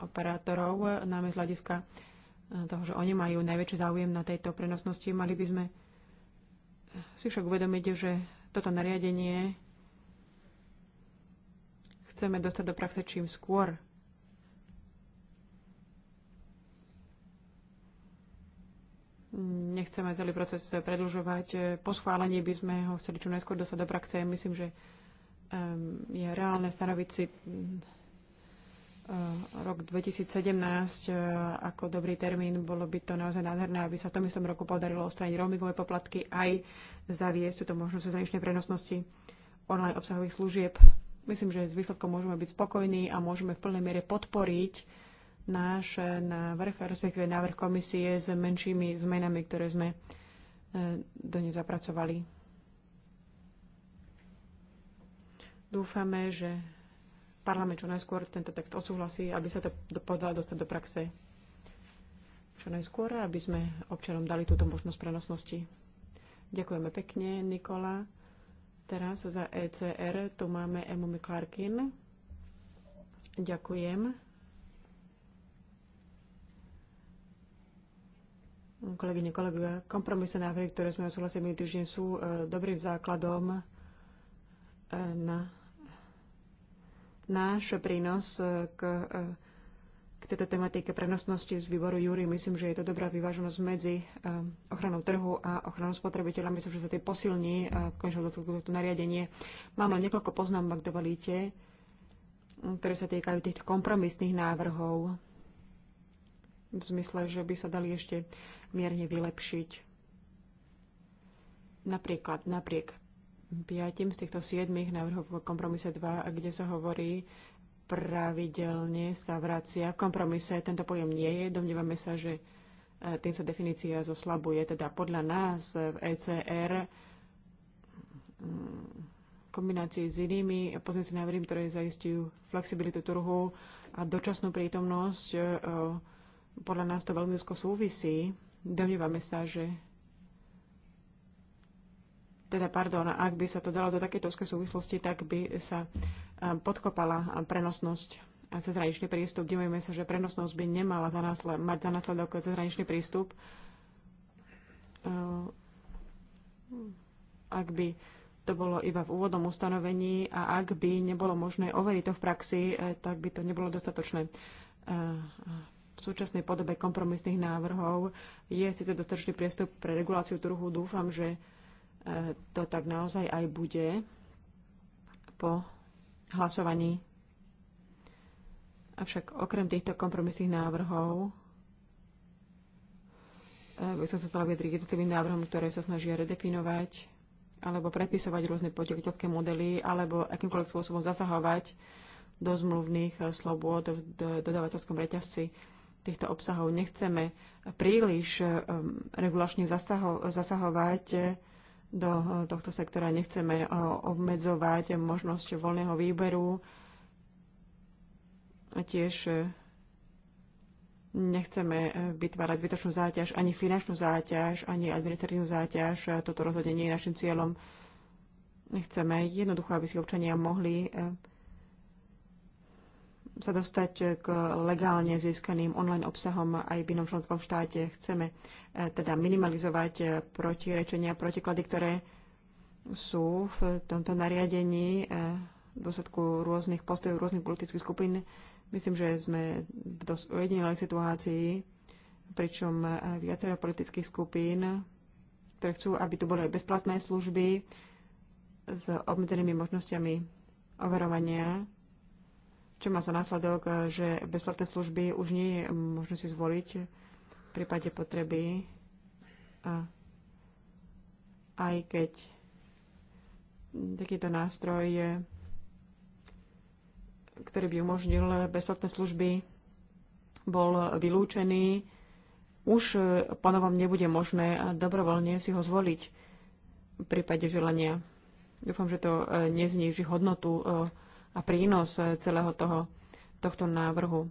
operátorov, najmä z hľadiska eh, toho, že oni majú najväčší záujem na tejto prenosnosti. Mali by sme si však uvedomiť, že toto nariadenie chceme dostať do praxe čím skôr. nechceme celý proces predlžovať. Po schválení by sme ho chceli čo najskôr dostať do praxe. Myslím, že ehm, je reálne stanoviť si ehm, rok 2017 e, ako dobrý termín. Bolo by to naozaj nádherné, aby sa v tom istom roku podarilo odstrániť roamingové poplatky aj zaviesť túto možnosť zahraničnej prenosnosti online obsahových služieb. Myslím, že s výsledkom môžeme byť spokojní a môžeme v plnej miere podporiť náš návrh, respektíve návrh komisie s menšími zmenami, ktoré sme e, do nej zapracovali. Dúfame, že parlament čo najskôr tento text odsúhlasí, aby sa to podala dostať do praxe čo najskôr, aby sme občanom dali túto možnosť prenosnosti. Ďakujeme pekne, Nikola. Teraz za ECR tu máme Emu Miklarkin. Ďakujem. Kolegyne, kolegovia, kompromisné návrhy, ktoré sme odsúhlasili minulý týždeň, sú e, dobrým základom e, na náš prínos e, k, k tejto tematike prenosnosti z výboru Júri. Myslím, že je to dobrá vyváženosť medzi ochranou trhu a ochranou spotrebiteľa. Myslím, že sa tie posilní v končnom dôsledku to nariadenie. Mám len niekoľko poznámok, ak dovolíte, ktoré sa týkajú týchto kompromisných návrhov v zmysle, že by sa dali ešte mierne vylepšiť. Napríklad, napriek piatim z týchto siedmých návrhov v kompromise 2, kde sa hovorí, pravidelne sa vracia v kompromise. Tento pojem nie je. Domnievame sa, že e, tým sa definícia zoslabuje. Teda podľa nás v ECR mm, kombinácii s inými pozícií návrhmi, ktoré zaistujú flexibilitu trhu a dočasnú prítomnosť e, podľa nás to veľmi úzko súvisí. Domnievame sa, že teda pardon, ak by sa to dalo do takéto úzkej súvislosti, tak by sa podkopala prenosnosť a cezhraničný prístup. Dívajme sa, že prenosnosť by nemala za násled- mať za následok cezhraničný prístup. E, ak by to bolo iba v úvodnom ustanovení a ak by nebolo možné overiť to v praxi, e, tak by to nebolo dostatočné e, v súčasnej podobe kompromisných návrhov je síce dotrčný priestup pre reguláciu trhu. Dúfam, že e, to tak naozaj aj bude po hlasovaní. Avšak okrem týchto kompromisných návrhov e, by som sa stala vyjadriť jednotlivým návrhom, ktoré sa snažia redefinovať alebo predpisovať rôzne podnikateľské modely alebo akýmkoľvek spôsobom zasahovať do zmluvných e, slobôd v dodávateľskom reťazci týchto obsahov. Nechceme príliš um, regulačne zasaho- zasahovať eh, do eh, tohto sektora, nechceme eh, obmedzovať možnosť voľného výberu a tiež nechceme vytvárať zbytočnú záťaž, ani finančnú záťaž, ani administratívnu záťaž. Toto rozhodenie je našim cieľom. Nechceme jednoducho, aby si občania mohli sa dostať k legálne získaným online obsahom aj v inom členskom štáte. Chceme e, teda minimalizovať protirečenia, protiklady, ktoré sú v tomto nariadení e, v dôsledku rôznych postojov rôznych politických skupín. Myslím, že sme v dosť ojedinelej situácii, pričom e, viacero politických skupín, ktoré chcú, aby tu boli aj bezplatné služby s obmedzenými možnosťami overovania čo má za následok, eh, že bezplatné služby už nie je možné si zvoliť v prípade potreby. A aj keď takýto nástroj, je, ktorý by umožnil bezplatné služby, bol vylúčený, už eh, panovom nebude možné dobrovoľne si ho zvoliť v prípade želania. Dúfam, že to eh, nezníži hodnotu a prínos eh, celého toho, tohto návrhu.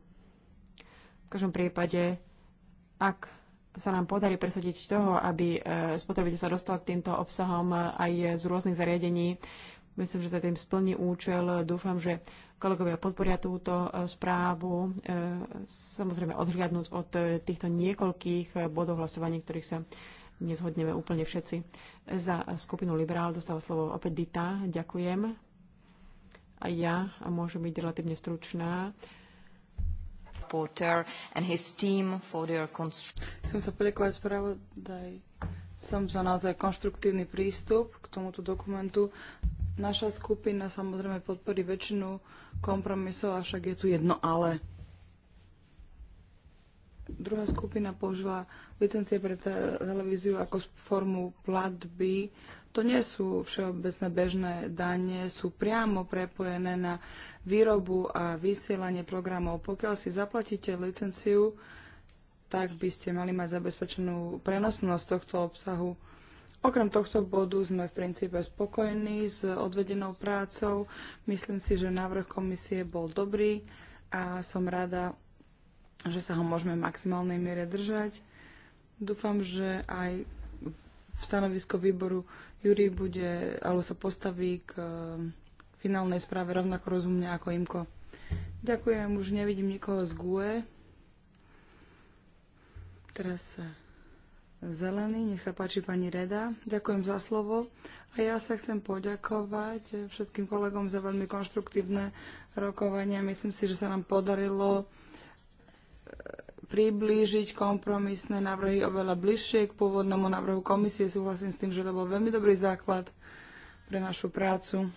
V každom prípade, ak sa nám podarí presadiť toho, aby eh, spotrebiteľ sa dostal k týmto obsahom eh, aj z rôznych zariadení, myslím, že sa tým splní účel. Dúfam, že kolegovia podporia túto správu, samozrejme odhliadnúť od týchto niekoľkých bodov hlasovaní, ktorých sa nezhodneme úplne všetci. Za skupinu Liberál dostáva slovo opäť Dita. Ďakujem a ja a môžem byť relatívne stručná. and his team for their Chcem sa poďakovať spravodaj som za naozaj konštruktívny prístup k tomuto dokumentu. Naša skupina samozrejme podporí väčšinu kompromisov, avšak je tu jedno ale. Druhá skupina použila licencie pre televíziu ako formu platby to nie sú všeobecné bežné dane, sú priamo prepojené na výrobu a vysielanie programov. Pokiaľ si zaplatíte licenciu, tak by ste mali mať zabezpečenú prenosnosť tohto obsahu. Okrem tohto bodu sme v princípe spokojní s odvedenou prácou. Myslím si, že návrh komisie bol dobrý a som rada, že sa ho môžeme v maximálnej miere držať. Dúfam, že aj stanovisko výboru Júri bude, alebo sa postaví k eh, finálnej správe rovnako rozumne ako Imko. Ďakujem, už nevidím nikoho z GUE. Teraz eh, zelený, nech sa páči pani Reda. Ďakujem za slovo a ja sa chcem poďakovať eh, všetkým kolegom za veľmi konštruktívne rokovania. Myslím si, že sa nám podarilo priblížiť kompromisné návrhy oveľa bližšie k pôvodnému návrhu komisie. Súhlasím s tým, že to bol veľmi dobrý základ pre našu prácu.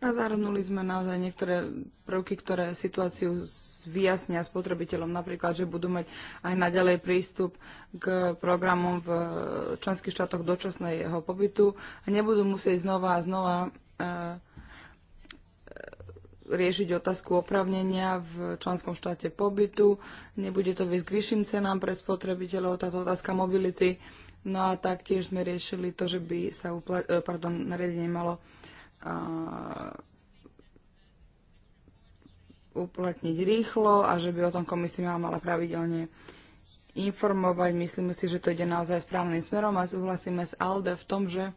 A zahrnuli sme naozaj niektoré prvky, ktoré situáciu vyjasnia spotrebiteľom, napríklad, že budú mať aj naďalej prístup k programom v členských štátoch dočasného pobytu a nebudú musieť znova a znova e, riešiť otázku opravnenia v členskom štáte pobytu, nebude to viesť k vyšším cenám pre spotrebiteľov, táto otázka mobility. No a taktiež sme riešili to, že by sa upla- e, pardon, nariadenie malo a, uplatniť rýchlo a že by o tom komisia mala mala pravidelne informovať. Myslíme si, že to ide naozaj správnym smerom a súhlasíme s ALDE v tom, že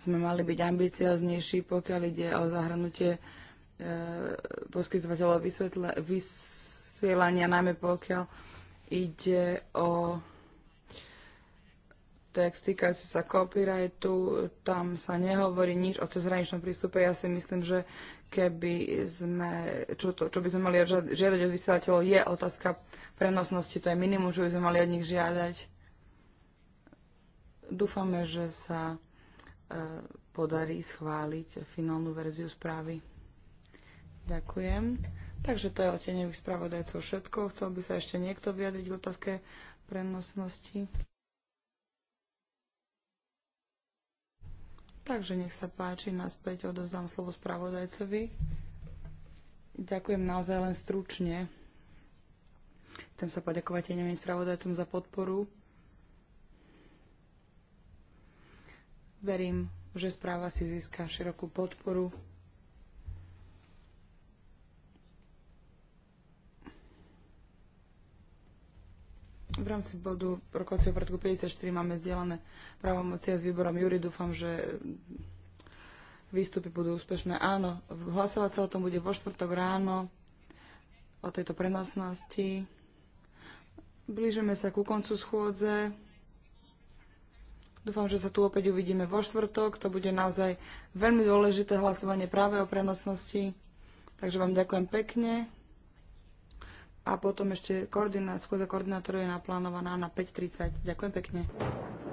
sme mali byť ambicioznejší, pokiaľ ide o zahrnutie e, poskytovateľov vysvetle, vysielania, najmä pokiaľ ide o text týkajúci sa copyrightu, tam sa nehovorí nič o cezhraničnom prístupe. Ja si myslím, že keby sme, čo, to, čo by sme mali žiadať od vysielateľov, je otázka prenosnosti, to je minimum, čo by sme mali od nich žiadať. Dúfame, že sa E, podarí schváliť finálnu verziu správy. Ďakujem. Takže to je o tenevých spravodajcov všetko. Chcel by sa ešte niekto vyjadriť k otázke prenosnosti? Takže nech sa páči, naspäť odozdám slovo spravodajcovi. Ďakujem naozaj len stručne. Chcem sa poďakovať tenevým spravodajcom za podporu Verím, že správa si získa širokú podporu. V rámci bodu rokovacieho poriadku 54 máme zdieľané právomoci s výborom Júri. Dúfam, že výstupy budú úspešné. Áno, hlasovať sa o tom bude vo štvrtok ráno, o tejto prenosnosti. Blížime sa ku koncu schôdze. Dúfam, že sa tu opäť uvidíme vo štvrtok. To bude naozaj veľmi dôležité hlasovanie práve o prenosnosti. Takže vám ďakujem pekne. A potom ešte koordiná, schôdza koordinátorov je naplánovaná na 5.30. Ďakujem pekne.